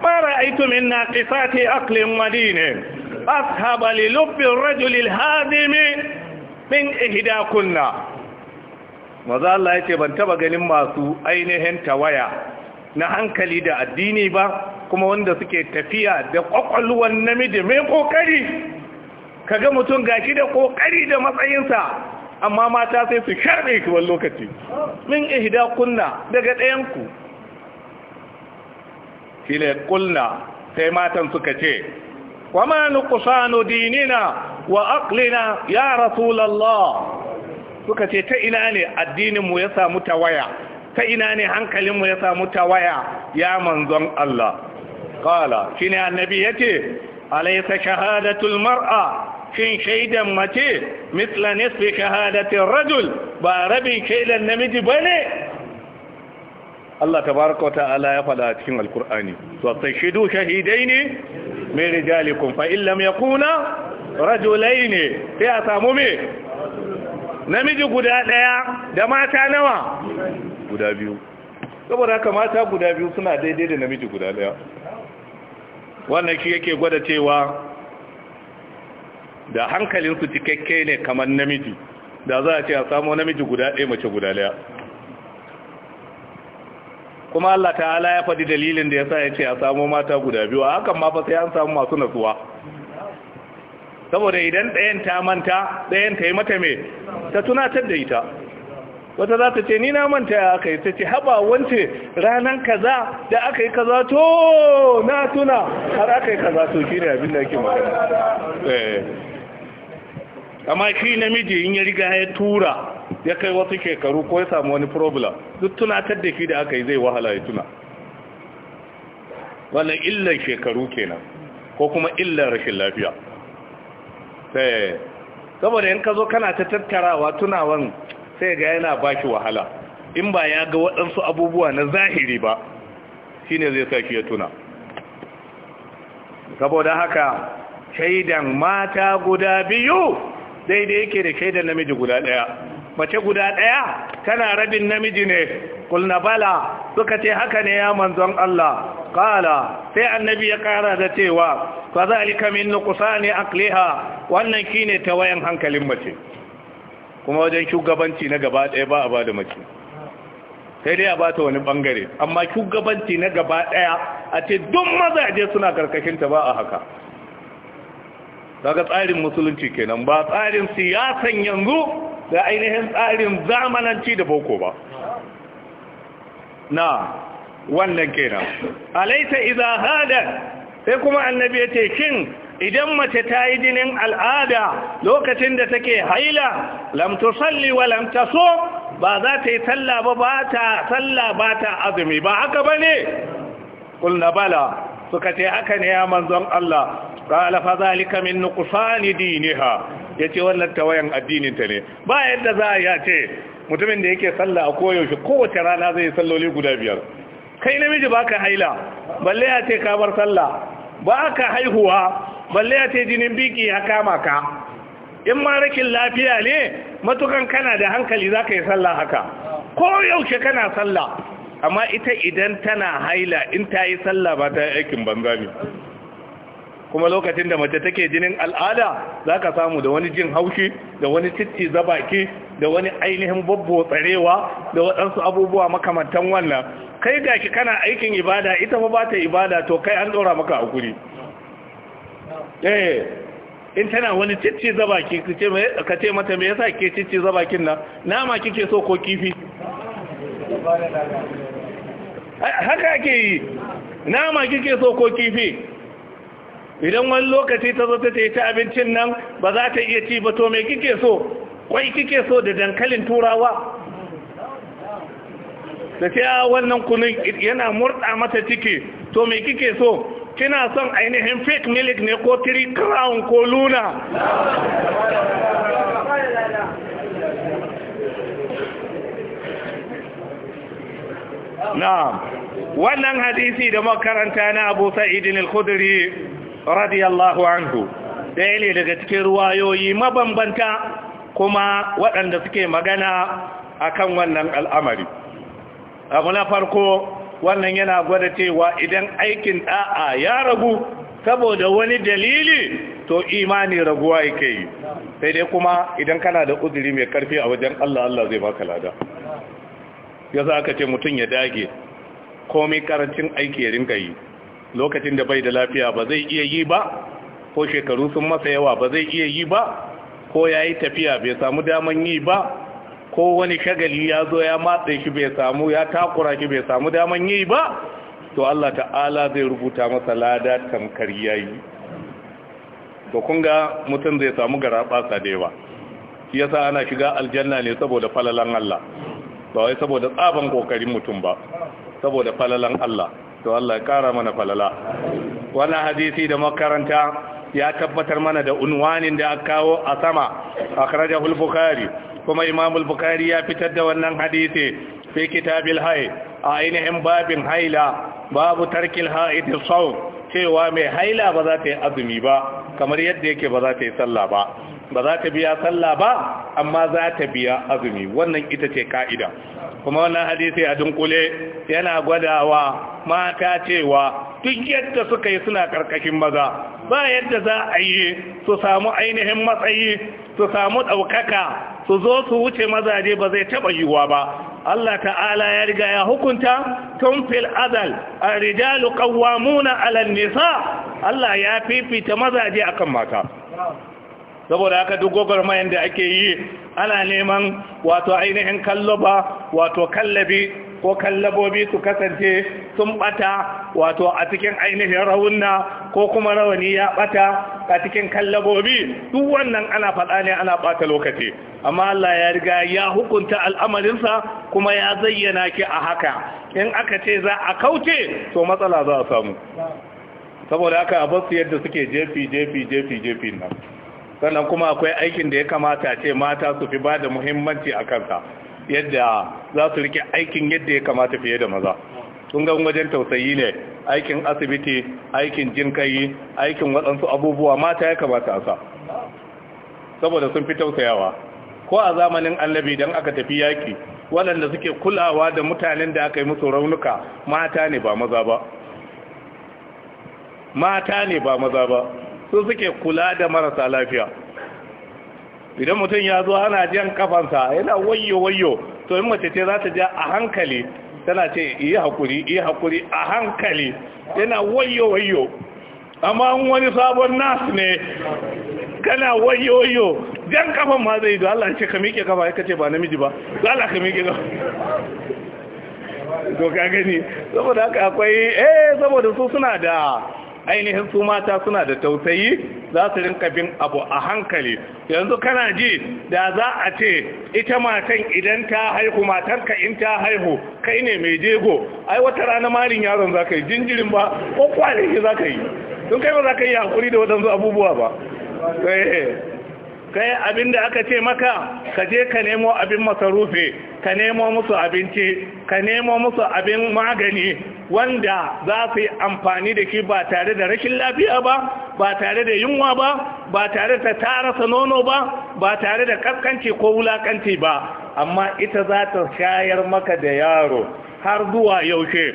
ما رأيت من ناقصات أقل ودين أصحب للب الرجل الهادم من إهداكن maza Allah ya ce ban taba ganin masu ainihin tawaya na hankali da addini ba kuma wanda suke tafiya da kwakwalwan namiji mai kokari kaga mutum gashi da kokari da matsayinsa amma mata sai su sharɗe ki wani lokaci min ihda kunna daga ɗayanku shine kulna sai matan suka ce wa ma nuqsanu dinina wa aqlina ya rasulullah suka ce ta ina ne addinin mu ya samu tawaya ta ina ne hankalin mu ya samu tawaya ya manzon Allah kala shine annabi yace alaysa shahadatul mar'a shin shaidan mace mitla nisfi shahadatin rajul ba rabin shaidan namiji ba ne Allah tabaraka wa ta'ala ya fada a cikin alkur'ani wa tashidu ne? min rijalikum fa illam yakuna rajulaini sai a samu me namiji guda daya da mata nawa guda biyu saboda haka mata guda biyu suna daidai da namiji guda daya wannan shi yake gwada cewa da su cikakke ne kamar namiji da za a ce a samu namiji guda ɗaya mace guda ɗaya kuma Allah ta'ala ya faɗi dalilin da ya sa ya ce a samu mata guda biyu a hakan ma fa sai an samu masu nasuwa saboda idan ɗayan ta manta ɗayan ta yi mata mai ta tunatar da ita wata za ta ce ni na manta ya aka yi ta ce haba wance ranar kaza da aka yi kaza to na tuna har aka yi kaza to shi ne abin da ake magana eh. amma shi namiji in ya riga ya tura ya kai wasu shekaru ko ya samu wani problem duk tunatar da shi da aka yi zai wahala ya tuna wannan illar shekaru kenan ko kuma illar rashin lafiya sai eh, saboda in ka zo kana ta tattarawa tunawan sai ga yana shi wahala in ba ya ga waɗansu abubuwa na zahiri ba shine zai shi ya tuna saboda haka shaidan mata guda biyu daidai yake da kai da namiji guda ɗaya mace guda ɗaya tana rabin namiji ne kulna bala suka ce haka ne ya manzon Allah kala sai annabi ya kara da cewa fa zalika min nuqsani aqliha wannan kine tawayan hankalin mace kuma wajen shugabanci na gaba ɗaya ba a ba da mace sai dai a ba ta wani bangare amma shugabanci na gaba ɗaya a ce duk mazaje suna ta ba a haka daga tsarin musulunci kenan ba tsarin siyasan yanzu da ainihin tsarin zamananci da boko ba na wannan kenan alaita iza hada sai kuma annabi ya ce kin idan mace ta yi jinin al'ada lokacin da take haila lamtu salli wa lamta so ba za ta yi salla ba ba ta salla ba ta azumi ba haka ba ne ƙulna bala suka ce haka ne ya manzon Allah qala fa zalika min nuqsan yace wannan tawayan addinin ta ne ba yadda za ya ce mutumin da yake sallah a koyaushe kowace rana zai yi salloli guda biyar kai namiji baka haila balle ya ce ka bar sallah baka haihuwa balle ya ce jinin biki ya kama ka in ma rakin lafiya ne matukan kana da hankali zaka yi sallah haka koyaushe kana sallah amma ita idan tana haila in ta yi sallah ba ta yi aikin banza ne kuma lokacin da mace take jinin al'ada za ka samu da wani jin haushi da wani citti zabaki da wani ainihin babbo tsarewa da waɗansu abubuwa makamantan wannan kai ga shi kana aikin ibada ita ba ba ta ibada to kai an ɗora maka a guri eh, in tana wani citti zabaki ka ce mata me yasa ke citti zabakin nan nama kike so ko kifi haka ke yi nama kike so ko kifi idan wani lokaci ta zo ta ta abincin nan ba za ta iya ci ba to mai kike so kwai kike so da dankalin turawa da ce a ah, wannan yana murta mata ciki to mai kike so kina son ainihin fake milk ne ko three crown ko luna na wannan hadisi da makaranta na abu sa'idin al-khudri radiyallahu anhu ɗaya ne daga cikin ruwayoyi mabambanta kuma waɗanda suke magana a kan wannan al'amari abu na farko wannan yana gwada cewa idan aikin ɗa'a ya ragu saboda wani dalili to imani raguwa yake yi sai dai kuma idan kana da uzuri mai karfi a wajen Allah Allah zai baka lada ya za ka ce mutum ya dage komai ƙarancin aiki ya ringa yi lokacin da bai da lafiya ba zai iya yi ba ko shekaru sun masa yawa ba zai iya yi ba ko ya yi tafiya bai samu daman yi ba ko wani shagali ya zo ya matsa shi bai samu ya takura shi bai samu daman yi ba to Allah ta'ala zai rubuta masa lada tamkar yayi to kun ga mutum zai samu garaɓasa da yawa shi yasa ana shiga aljanna ne saboda falalan Allah ba wai saboda tsaban kokarin mutum ba saboda falalan Allah to Allah ya kara mana falala wannan hadisi da makaranta ya tabbatar mana da unwanin da aka kawo a sama akhrajahu al-bukhari kuma imam bukhari ya fitar da wannan hadisi fi kitabil hay a ainihin babin haila babu tarkil haid sawm cewa mai haila ba za ta yi azumi ba kamar yadda yake ba za ta yi sallah ba ba za ta biya sallah ba amma za ta biya azumi wannan ita ce ka'ida kuma wannan hadisi a dunkule yana gwadawa mata cewa duk yadda suka yi suna karkashin maza ba yadda za a yi su samu ainihin matsayi su samu ɗaukaka su zo su wuce mazaje ba zai taɓa yiwuwa ba Allah ta'ala ya riga ya hukunta tun fil azal a rijalu qawwamuna 'ala nisa Allah ya fifita mazaje akan mata saboda haka duk mayan da ake yi ana neman wato ainihin kalloba wato kallabi ko kallabobi su kasance sun bata wato a cikin ainihin rawunna ko kuma rawani ya bata a cikin kallabobi duk wannan ana faɗa ne ana bata lokaci amma Allah ya riga ya hukunta al'amarinsa kuma ya zayyana ki a haka in aka ce za a kauce to matsala za a samu saboda haka a basu yadda suke jefi jefi jefi jefi nan sannan kuma akwai aikin da ya kamata ce mata su fi ba da muhimmanci a kansa yadda za su rike aikin yadda ya kamata fiye da maza sun ga wajen tausayi ne aikin asibiti aikin jinkayi aikin waɗansu abubuwa mata ya kamata a sa saboda sun fi tausayawa ko a zamanin annabi don aka tafi yaki waɗanda suke kulawa da mutanen da aka yi musu raunuka mata ne ba maza ba mata ne ba maza ba su suke kula da marasa lafiya idan mutum ya zo ana jan kafansa yana wayo wayo to in mace ce za ta ja a hankali tana ce yi hakuri yi hakuri a hankali yana wayo wayo amma wani sabon nas ne kana wayo wayo jan kafan ma zai da Allah ce ka miƙe kafa ya kace ba namiji ba za Allah ka miƙe kafa to ka gani saboda haka akwai eh saboda su suna da ainihin su mata suna da tausayi za su rinka bin abu a hankali yanzu kana ji da za a ce ita matan idan ta haihu ka in ta haihu kai ne mai jego ai wata rana marin yaron za ka yi jinjirin ba ko kwale za ka yi don kai ba za ka yi hakuri da waɗansu abubuwa ba eh, kai abin da aka ce maka ka je ka nemo abin masarufi ka nemo musu abinci ka nemo musu abin magani wanda za su yi amfani da shi ba tare da rashin lafiya ba ba tare da yunwa ba ba tare da tarasa nono ba ba tare da kaskanci ko wulakanci ba amma ita za ta shayar maka da yaro har zuwa yaushe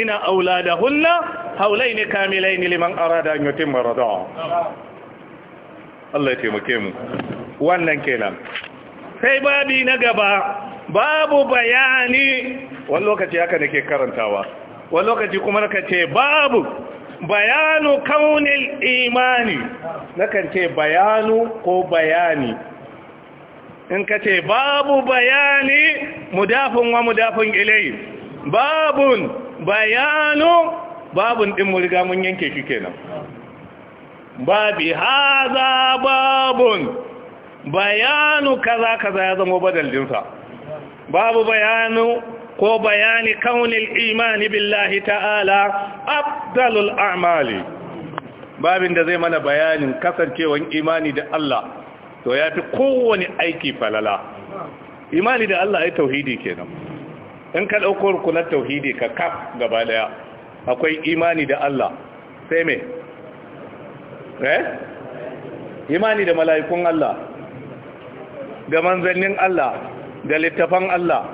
ina hunna haulai ne kamilai ne liman arada an yutimma rada'a Allah ya taimake mu wannan kenan sai babi na gaba babu bayani wani lokaci haka nake karantawa wani lokaci kuma naka ce babu bayanu kaunil imani nakan ce bayanu ko bayani in ka ce babu bayani mudafin wa mudafin ilai babun bayanu babun din mu mun yanke shi kenan babi haza babun bayanu kaza kaza ya zama badal dinsa babu bayanu ko bayani kaunin imani billahi ta'ala abdalul a'mali babin da zai mana bayanin kasancewan imani da Allah to ya fi kowane aiki falala imani da Allah ya tauhidi kenan in ka ɗauko rukunar tauhidi ka kaf gaba ɗaya, akwai imani da Allah sai me eh imani da mala'ikun Allah da manzannin Allah da littafan Allah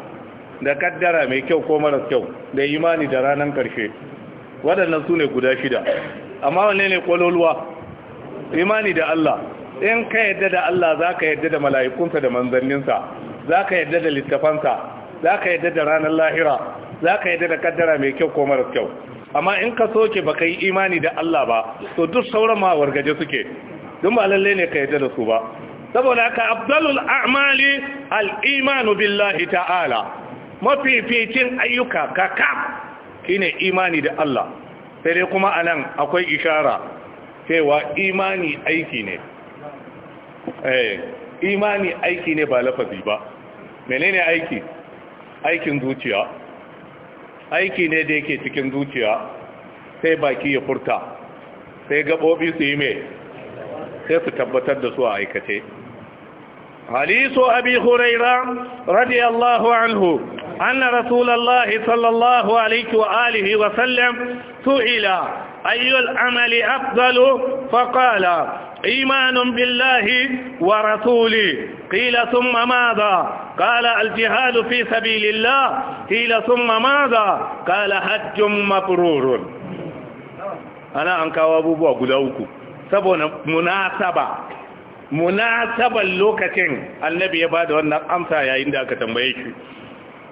da kaddara mai kyau ko maras kyau da imani da ranar karshe waɗannan su ne guda shida amma wane ne kwaloluwa imani da Allah in ka yadda da Allah za ka yadda da mala'ikunsa da manzanninsa za ka yadda da littafansa za ka yadda da ranar lahira za ka yadda da kaddara mai kyau ko maras kyau amma in ka soke ka yi imani da Allah ba to duk sauran ma wargaje suke duk ba lalle ne ka yadda da su ba saboda haka abdalul a'mali al'imanu billahi ta'ala mafificin ayyuka kakam shine imani da Allah sai dai kuma anan akwai ishara cewa imani aiki ne eh imani aiki ne ba lafazi ba menene aiki aikin zuciya aiki ne da yake cikin zuciya sai baki ya furta sai gabobi su yi mai sai su tabbatar da su a aikace حديث أبي هريرة رضي الله عنه أن رسول الله صلى الله عليه وآله وسلم سئل أي العمل أفضل فقال إيمان بالله ورسوله قيل ثم ماذا قال الجهاد في سبيل الله قيل ثم ماذا قال حج مبرور أنا أنك أبو بوغلاوكو سبونا مناسبة munasaban lokacin annabi ya bada wannan amsa yayin da aka tambaye shi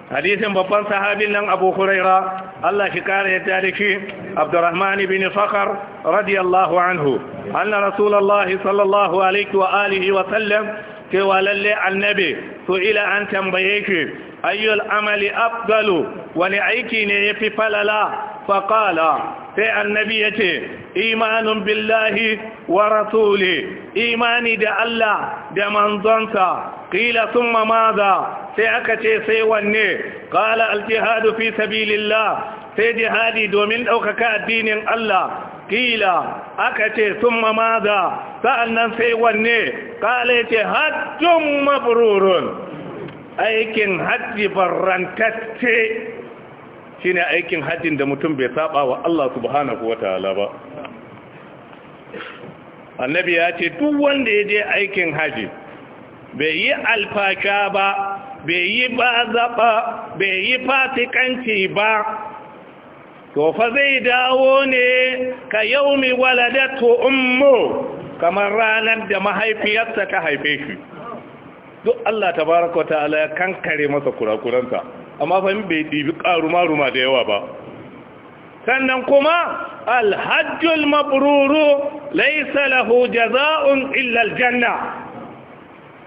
hadisin babban sahabin nan abu huraira Allah shi kare ya tariki abdurrahman bin fakhar radiyallahu anhu anna rasulullahi sallallahu alaihi wa alihi wa sallam cewa lalle annabi to ila an tambaye shi ayyul amali afdalu wani aiki ne yafi falala faqala sai annabi ya ce imanin billahi wa rasuli imani da Allah da manzonsa ƙila sun mamaza sai aka ce sai wanne ƙala aljihadu fi sabilillah sai jihadi domin ɗaukaka addinin Allah kila aka ce sun mamaza sa'annan sai wanne kala ce hajjun mabururun aikin hajji barrantacce shine aikin hajjin da mutum bai saba wa Allah subhanahu Ta'ala ba annabi ya ce duk wanda ya je aikin haji bai yi alfaka ba bai yi bazaba bai yi Fasikanci ba to fa zai dawo ne ka yaumi waladatu ummu kamar ranar da mahaifiyarsa ta haife shi duk Allah tabaraka ta'ala ya kankare masa kurakuransa amma fahim bai ɗibi ƙaruma-ruma da yawa ba sannan kuma alhajjul mabruru laisa lahu jaza'un illa aljanna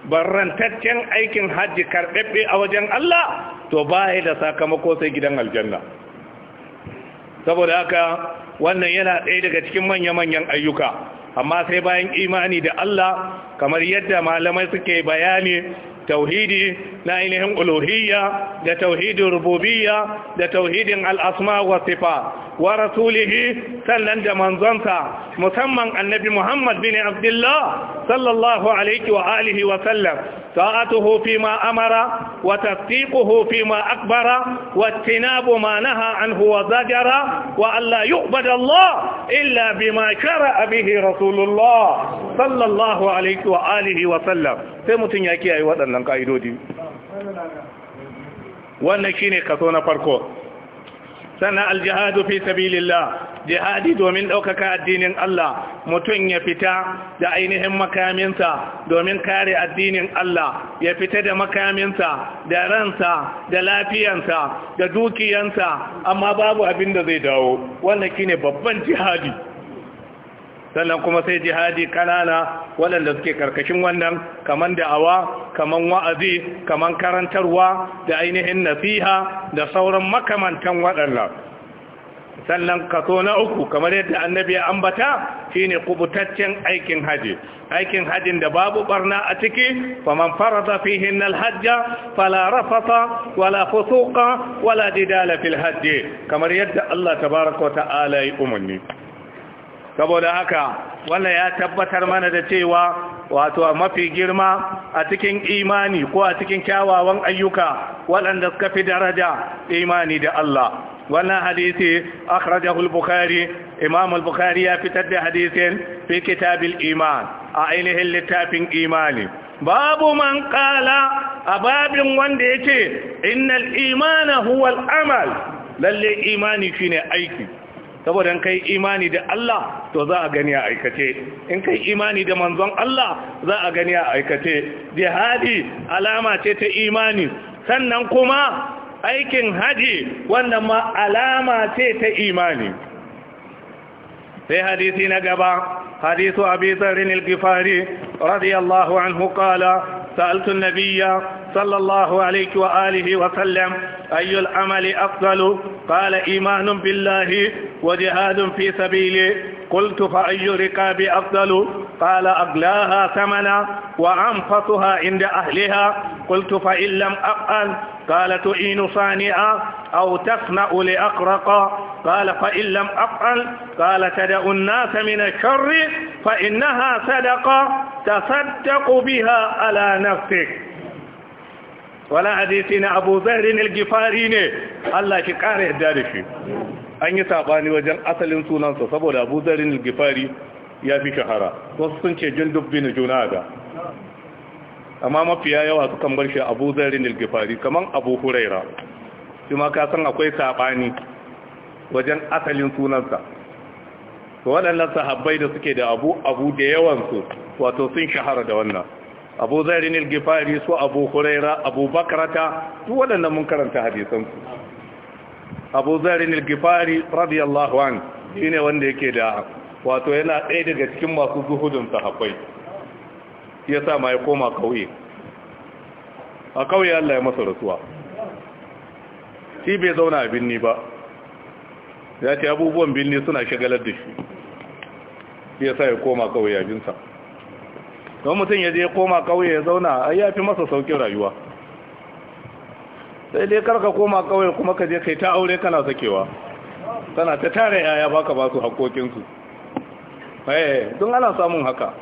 barrantaccen aikin hajji karɓaɓɓe a wajen Allah to baya da sakamako sai gidan aljanna saboda haka wannan yana ɗaya daga cikin manya-manyan ayyuka amma sai bayan imani da Allah kamar yadda malamai suke bayani tauhidi na ainihin uluhiyya da tauhidin rububiyya da tauhidin al'asma wa sifa wa rasulihi sannan da manzonsa musamman annabi muhammad bin abdullah sallallahu alaihi wa alihi wa sallam ta'atuhu fi ma amara wa tasdiquhu fi ma akbara wa tinabu ma naha anhu wa zajara wa alla yu'bad Allah illa bima shara'a bihi rasulullah sallallahu alaihi wa alihi wa sallam sai mutun yake kiyaye waɗannan Wannan ƙa'idodi wannan shine kaso na farko sannan aljihadu fi sabilillah jihadi domin ɗaukaka addinin Allah mutum ya fita da ainihin makaminsa domin kare addinin Allah ya fita da makaminsa da ransa da lafiyansa da dukiyansa amma babu abin da zai dawo wannan shine babban jihadi sannan kuma sai jihadi kanana waɗanda suke karkashin wannan kaman da'awa kaman wa'azi kaman karantarwa da ainihin nasiha da sauran makamantan waɗannan sannan kaso na uku kamar yadda annabi ya ambata shine kubutaccen aikin haji aikin hajin da babu barna a ciki faman farada fihi al hajja fala rafata wala fusuqa wala didala fil hajji. kamar yadda Allah tabaaraka wa ta'ala ya umarni saboda haka wannan ya tabbatar mana da cewa wato mafi girma a cikin imani ko a cikin kyawawan ayyuka waɗanda suka fi daraja imani da Allah wannan hadisi akhrajahu al-bukhari imam al-bukhari ya fitar da hadisin fi kitab iman a ainihin littafin imani babu man qala a babin wanda yake innal imana huwa al-amal lalle imani shine aiki saboda in kai imani da Allah to za a gani a aikace in kai imani da manzon Allah za a gani a aikace jihadi alama ce ta imani sannan kuma aikin haji wannan ma alama ce ta imani Sai حديث na gaba أبي ذر الغفاري رضي anhu عنه قال سألت النبي صلى الله عليه وآله وسلم أي العمل أفضل قال إيمان بالله وجهاد في سبيله قلت فأي ركاب أفضل قال أغلاها ثمنا وأنفطها عند أهلها قلت فإن لم أفعل قال تعين صانئا أو تصنع لأقرقا قال فإن لم أفعل قال تدع الناس من الشر فإنها صدقة تصدق بها على نفسك wala hadisi na abu zarin al ne Allah ki kara yadda da shi an yi sabani wajen asalin sunansa saboda abu zarin al-gifari ya fi shahara wasu sun ce jin jundub juna ga amma mafiya yawa su kan bar shi abu zarin al-gifari kaman abu huraira shi ma ka san akwai sabani wajen asalin sunansa waɗannan sahabbai da suke da abu abu da yawansu wato sun shahara da wannan abu zarin al-gifari su abu huraira abu bakrata duk waɗannan mun karanta hadisansu abu zarin al-gifari radiyallahu an shine wanda yake da wato yana ɗaya daga cikin masu zuhudun sahabbai ya sa ma ya koma kauye a kauye Allah ya masa rasuwa shi bai zauna a binni ba ya ce abubuwan binni suna shagalar da shi ya ya koma kauye binsa don mutum ya je koma kauye ya zauna ai ya fi masa saukin rayuwa sai dai karka koma kauye kuma ka je kai ta aure kana sakewa kana ta tare yaya baka ba su haƙoƙinsu eh don ana samun haka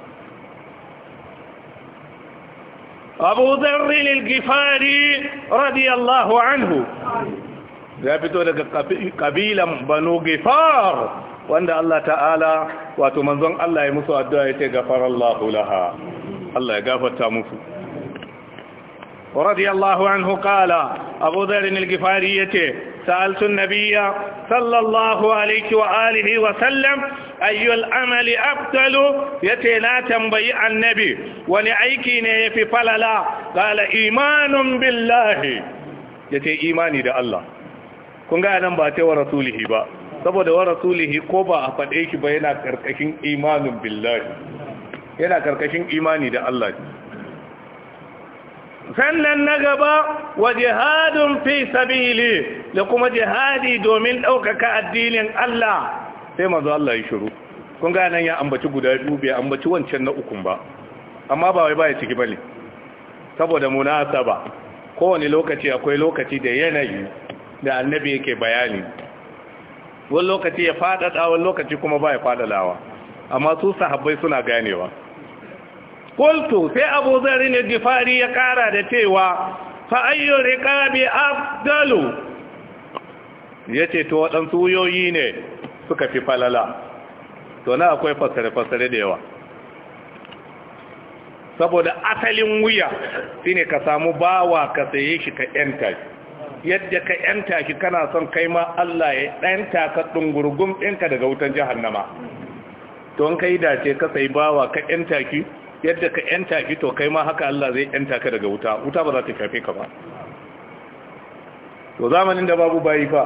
abu zarri lilgifari radiyallahu anhu ya fito daga kabilan banu gifar wanda Allah ta'ala wato manzon Allah ya musu addu'a ya ce gafarallahu laha Allah ya gafarta musu radiyallahu anhu qala abu dhar bin al-gifari yace sa'altu an-nabiyya sallallahu alayhi wa alihi wa sallam ayu al-amal abtalu yace na tambayi annabi wani aiki ne yafi falala qala imanun billahi yace imani da Allah kun ga nan ba ta wa rasulihi ba saboda wa rasulihi ko ba a faɗe shi ba yana karkashin imanin billahi yana karkashin imani da Allah sannan na gaba wa jihadun fi sabili da kuma jihadi domin ɗaukaka addinin Allah sai mazu Allah ya shiru kun gane ya ambaci guda biyu bai ambaci wancan na ukun ba amma ba wai baya ciki bane saboda munasaba kowane lokaci akwai lokaci da yanayi da annabi yake bayani wani lokaci ya fadada wani lokaci kuma ba ya fadadawa amma su sahabbai suna ganewa kultu sai abu zari ne gifari ya kara da cewa fa'ayyar riƙabi abdalu ya ce to waɗansu wuyoyi ne suka fi falala to na akwai fasare-fasare da yawa saboda asalin wuya shine ka samu bawa ka saye shi ka 'yanta yadda ka yanta shi kana son kai ma Allah ya yanta ka dungurgum ɗinka daga wutan jahannama to ka kai dace ka sai bawa ka yanta ki yadda ka yanta ki to kai ma haka Allah zai yanta ka daga wuta wuta ba za ta shafe ka ba to zamanin da babu bayi fa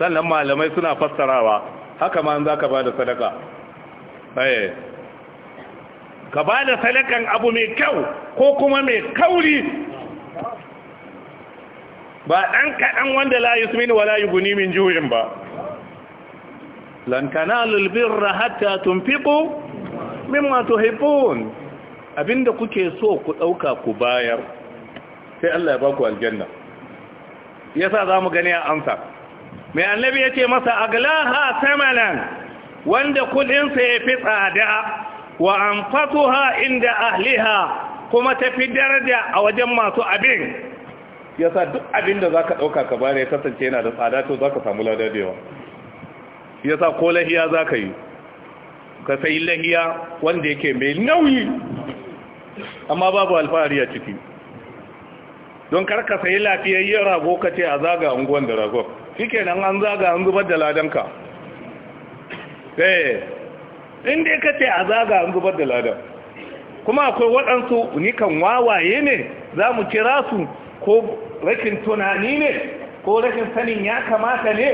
sannan malamai suna fassarawa haka ma za ka ba da sadaka eh. ka ba da sadakan abu mai kyau ko kuma mai kauri ba ɗan kaɗan wanda la yusmin wala guni min juyin ba Lankana lulbin rahata tun hatta Min mato haifon abinda kuke so ku ɗauka ku bayar sai Allah ya ba ku aljanna sa za mu gani a amsa mai annabi ya ce masa aglaha samanan wanda kudinsa ya fi tsada wa fatuha inda ahliha kuma tafi daraja a wajen masu abin yasa duk abin da za ka ɗauka ka bane kasance yana da tsada to za ka samu lada da yawa yasa ko lahiya za ka yi ka sai lahiya wanda yake mai nauyi amma babu alfahari a ciki don karka sai lafiyayyen rago ka ce a zaga unguwan da rago kenan an zaga an zubar da ladanka ɗaya eh, in dai ka ce a zaga an zubar da ladanka kuma akwai waɗansu nikan wawaye ne za mu kira su ko rashin tunani ne ko rashin sanin ya kamata ne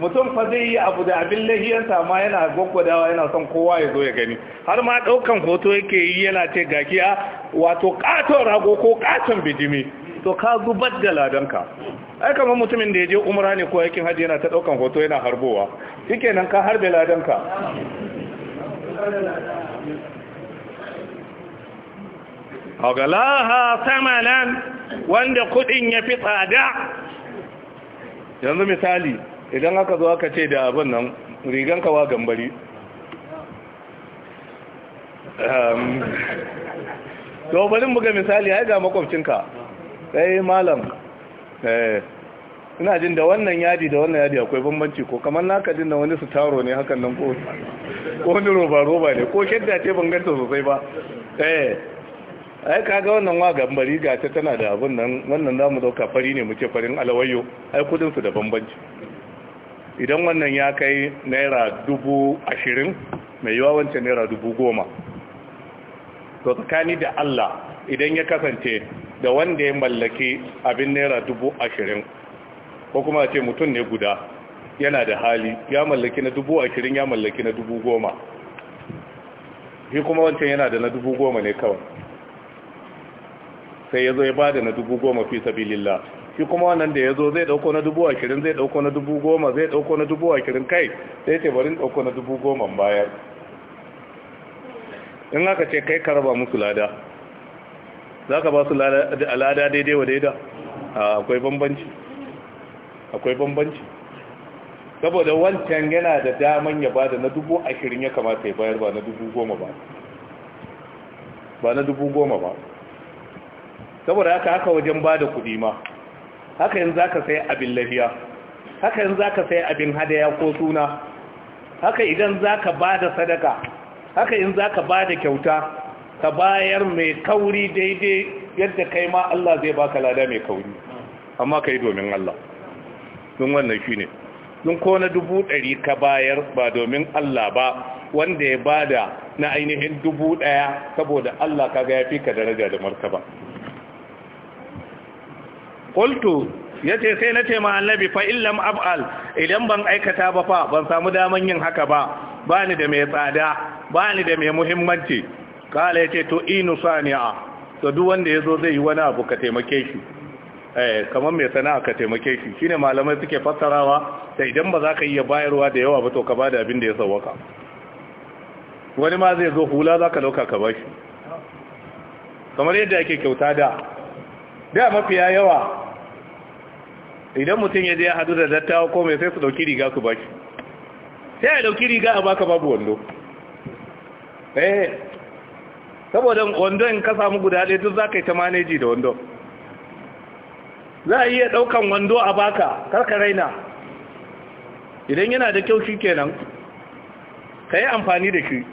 mutum fa zai yi abu da abin lahiyarsa amma yana gwaggwadawa yana son kowa ya zo ya gani har ma ɗaukan hoto yake yi yana ce gaki a wato ƙaton rago ko ƙaton bijimi to ka zubar da ladanka ai kamar mutumin da ya je umra ne ko yakin hajji yana ta ɗaukan hoto yana harbowa kenan ka harbe ladanka agalaha samanan wanda kudin ya fi tsada yanzu misali idan aka zo aka ce da abin nan rigan kawa gambari ehm, to bari buga misali ya ga makwabcinka sai malam eh, ina jin da wannan yadi da wannan yadi akwai bambanci ko kamar naka jin da wani su taro ne hakan nan ko wani roba-roba ne ko shidda ce banganta sosai ba eh ai kaga wannan wa gambari ga ta tana da abin nan wannan za mu dauka fari ne muke farin alawayo ai kudin su da bambanci idan wannan ya kai naira dubu ashirin mai yiwa wancan naira dubu goma to tsakani da allah idan ya kasance da wanda ya mallaki abin naira dubu ashirin ko kuma ce mutum ne guda yana da hali ya mallaki na dubu ashirin ya mallaki na dubu goma shi kuma wancan yana da na dubu goma ne kawai sai ya zo ya bada na dubu goma fi sabilillah shi kuma wannan da ya zo zai dauko na dubu ashirin zai dauko na dubu goma zai dauko na dubu ashirin kai sai ce bari dauko na dubu goma bayar in aka ce kai ka raba musu lada za ka ba su lada daidai wa daida akwai bambanci akwai bambanci saboda wancan yana da daman ya bada na dubu ashirin ya kamata ya bayar ba na dubu goma ba ba na dubu goma ba saboda haka haka wajen ba da kuɗi ma haka yin za ka sai abin lafiya haka yin za ka sai abin hadaya ko suna haka idan za ka ba da sadaka haka yin za ka ba da kyauta ka bayar mai kauri daidai yadda kai ma Allah zai baka lada mai kauri amma ka yi domin Allah don wannan shi ne don ko dubu ɗari ka bayar ba domin Allah ba wanda ya bada na ainihin dubu ɗaya saboda Allah kaga ya fi ka daraja da martaba ya ce sai na ce annabi fa illam ab'al idan ban aikata ba fa ban samu daman yin haka ba ba ni da mai tsada ba ni da mai muhimmanci kala ya ce to inu sani'a to duk wanda ya zo zai yi wani abu ka taimake shi eh, kamar mai sana'a ka taimake shi shine malamai suke fassarawa da idan ba za ka iya bayarwa da yawa ba to ka bada abin da ya sauka wani ma zai zo hula za ka dauka ka ba bashi kamar yadda ake kyauta da da mafiya yawa idan mutum ya je ya hadu da dattawa ko mai sai su dauki riga su baki sai ya dauki riga a baka babu wando eh saboda wando in ka samu guda ɗaya duk za ka yi ta maneji da wando za a iya ɗaukan wando a baka karka raina idan yana da kyau shi kenan ka yi amfani da shi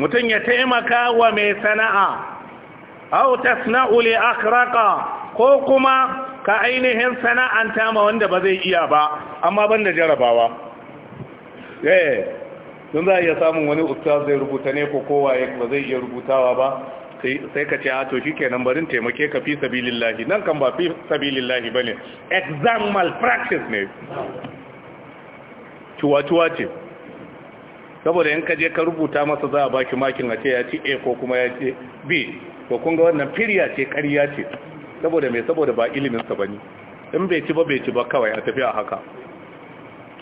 mutum ya taimaka wa mai sana'a au tasna'u li akraka ko kuma ka ainihin sana'anta ma wanda ba zai iya ba amma ban da jarabawa eh don za a iya samun wani ustaz zai rubuta ne ko kowaye ba zai iya rubutawa ba sai ka ce a ah, to ke barin taimake ka fi sabilillahi nan kan ba fi sabilillahi bane exam malpractice ne tuwa-tuwa ce saboda in ka je ka rubuta masa za a baki makin a ce ya ci a ko kuma ya ce b to kunga ga wannan firya ce ƙarya ce saboda mai saboda ba iliminsa ba ne in bai ci ba bai ci ba kawai a tafiya haka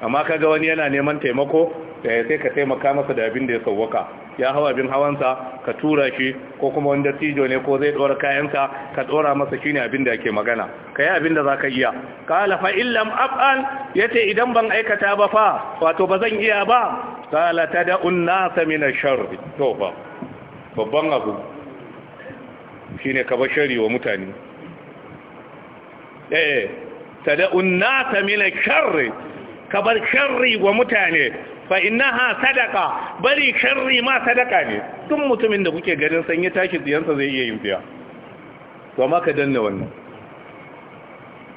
amma kaga wani yana neman taimako da ya sai ka taimaka masa da abin da ya sauwaka ya hawa abin hawansa ka tura shi ko kuma wanda tijo ne ko zai dora kayansa ka dora masa shine abin da ake magana Ka yi abin da za ka iya qala fa illam af'al yace idan ban aikata ba fa wato ba zan iya ba qala tad'un nas min ash-sharr babban abu shine ka shari wa mutane Eh, unna ta mina min ka bar sharri wa mutane fa ha sadaka, bari sharri ma sadaka ne duk mutumin da kuke ganin san ya tashi tsiyansa zai iya yin fiya. to amma ka danna wannan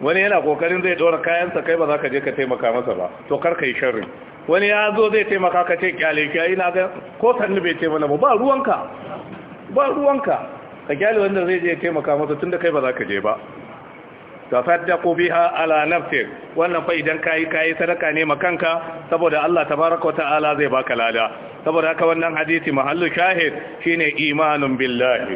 wani yana kokarin zai dora kayansa kai ba za ka je ka taimaka masa ba to kar ka yi sharri wani ya zo zai taimaka ka ce kyale ki ai na ga ko sannu bai ce mana ba ba ruwanka ba ruwanka ka kyale wanda zai je taimaka masa tunda kai ba za ka je ba tasaddaqu biha ala nafsik wannan fa idan kai kai sadaka ne makanka saboda Allah tabaaraka ta'ala zai baka lada saboda haka wannan hadisi mahallu shahid shine imanun billahi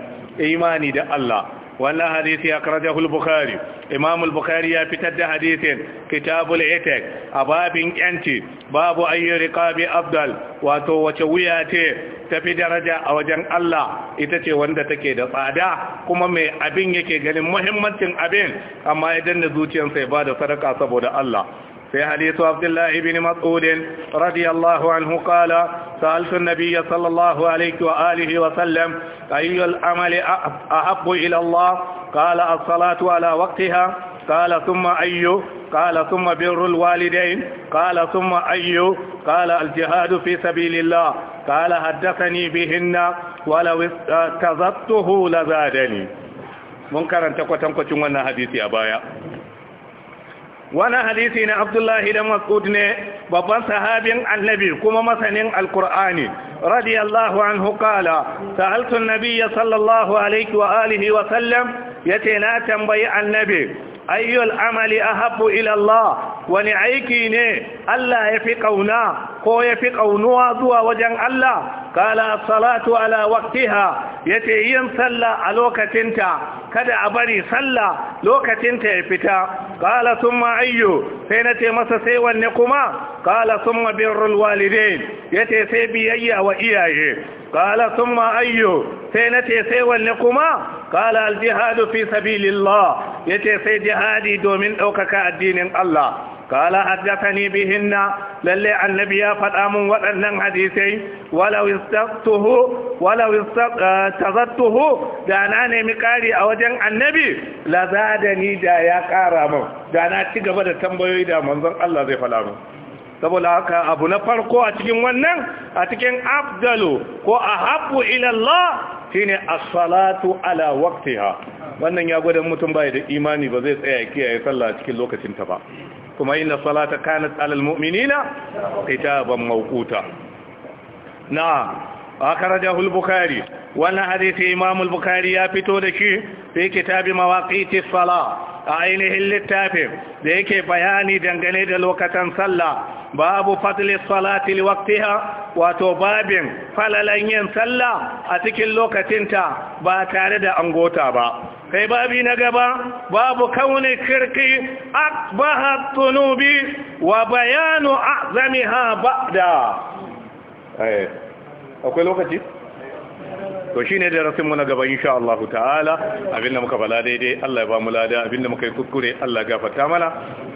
imani da Allah wannan hadisi ya al-bukhari imam al ya fitar da hadisin kitabul itak a babin yanci babu ayyu rikabi abdal wato wace wuya ce tafi daraja a wajen Allah ita ce wanda take da tsada kuma mai abin yake ganin muhimmancin abin amma idan da zuciyarsa ya bada sadaka saboda Allah في حديث عبد الله بن مسعود رضي الله عنه قال سألت النبي صلى الله عليه وآله وسلم أي العمل أحب إلى الله قال الصلاة على وقتها قال ثم أي قال ثم بر الوالدين قال ثم أي قال الجهاد في سبيل الله قال حدثني بهن ولو استزدته لزادني منكرا تقوى تنقوى تنقوى حديثي أبايا wani hadisi na abdullahi da masud ne babban sahabin annabi kuma masanin alkur'ani radiyallahu anhu kala sa'altun nabiyya sallallahu alaihi wa alihi wa sallam yace na tambayi annabi ayyul amali ahabbu ila Allah wani aiki ne Allah yafi ƙauna ko yafi ƙaunuwa zuwa wajen Allah kala salatu ala ya ce yin sallah a lokacinta kada a bari sallah lokacinta ya fita kala summa ayyu sai nace masa sai wanne kuma qala thumma birrul ya yace sai biyayya wa iyaye kala summa ayyu sai nace sai wanne kuma kala aljihadu jihadu fi sabilillah ce sai jihadi domin ɗaukaka addinin Allah kala haddathani bihinna Lallai annabi ya faɗa min waɗannan hadisai walau istaqtuhu walau istaqtazattuhu da na nemi kari a wajen annabi la zadani da ya ƙara mun da na ci gaba da tambayoyi da manzan Allah zai faɗa mun saboda haka abu na farko a cikin wannan a cikin afdalu ko a haɓu ilallah shine as-salatu ala waqtiha wannan ya gwada mutum bai da imani ba zai tsaya ya kiyaye sallah cikin lokacinta ba kuma inna salata kanat alal mu'minina kitaban mawquta na akhrajahu bukhari wannan hadisi imam al-bukhari ya fito da shi fi kitab mawaqiti sala a ainihin littafin da yake bayani dangane da lokacin sallah babu fadli salati liwaqtiha wato babin falalan yin sallah a cikin lokacinta ba tare da angota ba kai babi na gaba babu kauni kirki akbaha tunubi wa bayanu ha ba'da akwai lokaci to shine darasin mu na gaba insha Allah ta'ala abinda muka bala daidai Allah ya ba mu lada abinda muka yi kuskure Allah gafarta mana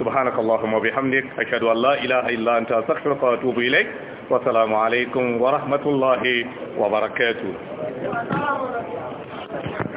subhanakallahumma bihamdik ashhadu an la ilaha illa anta astaghfiruka wa atubu ilaik wa salamu alaikum wa rahmatullahi wa barakatuh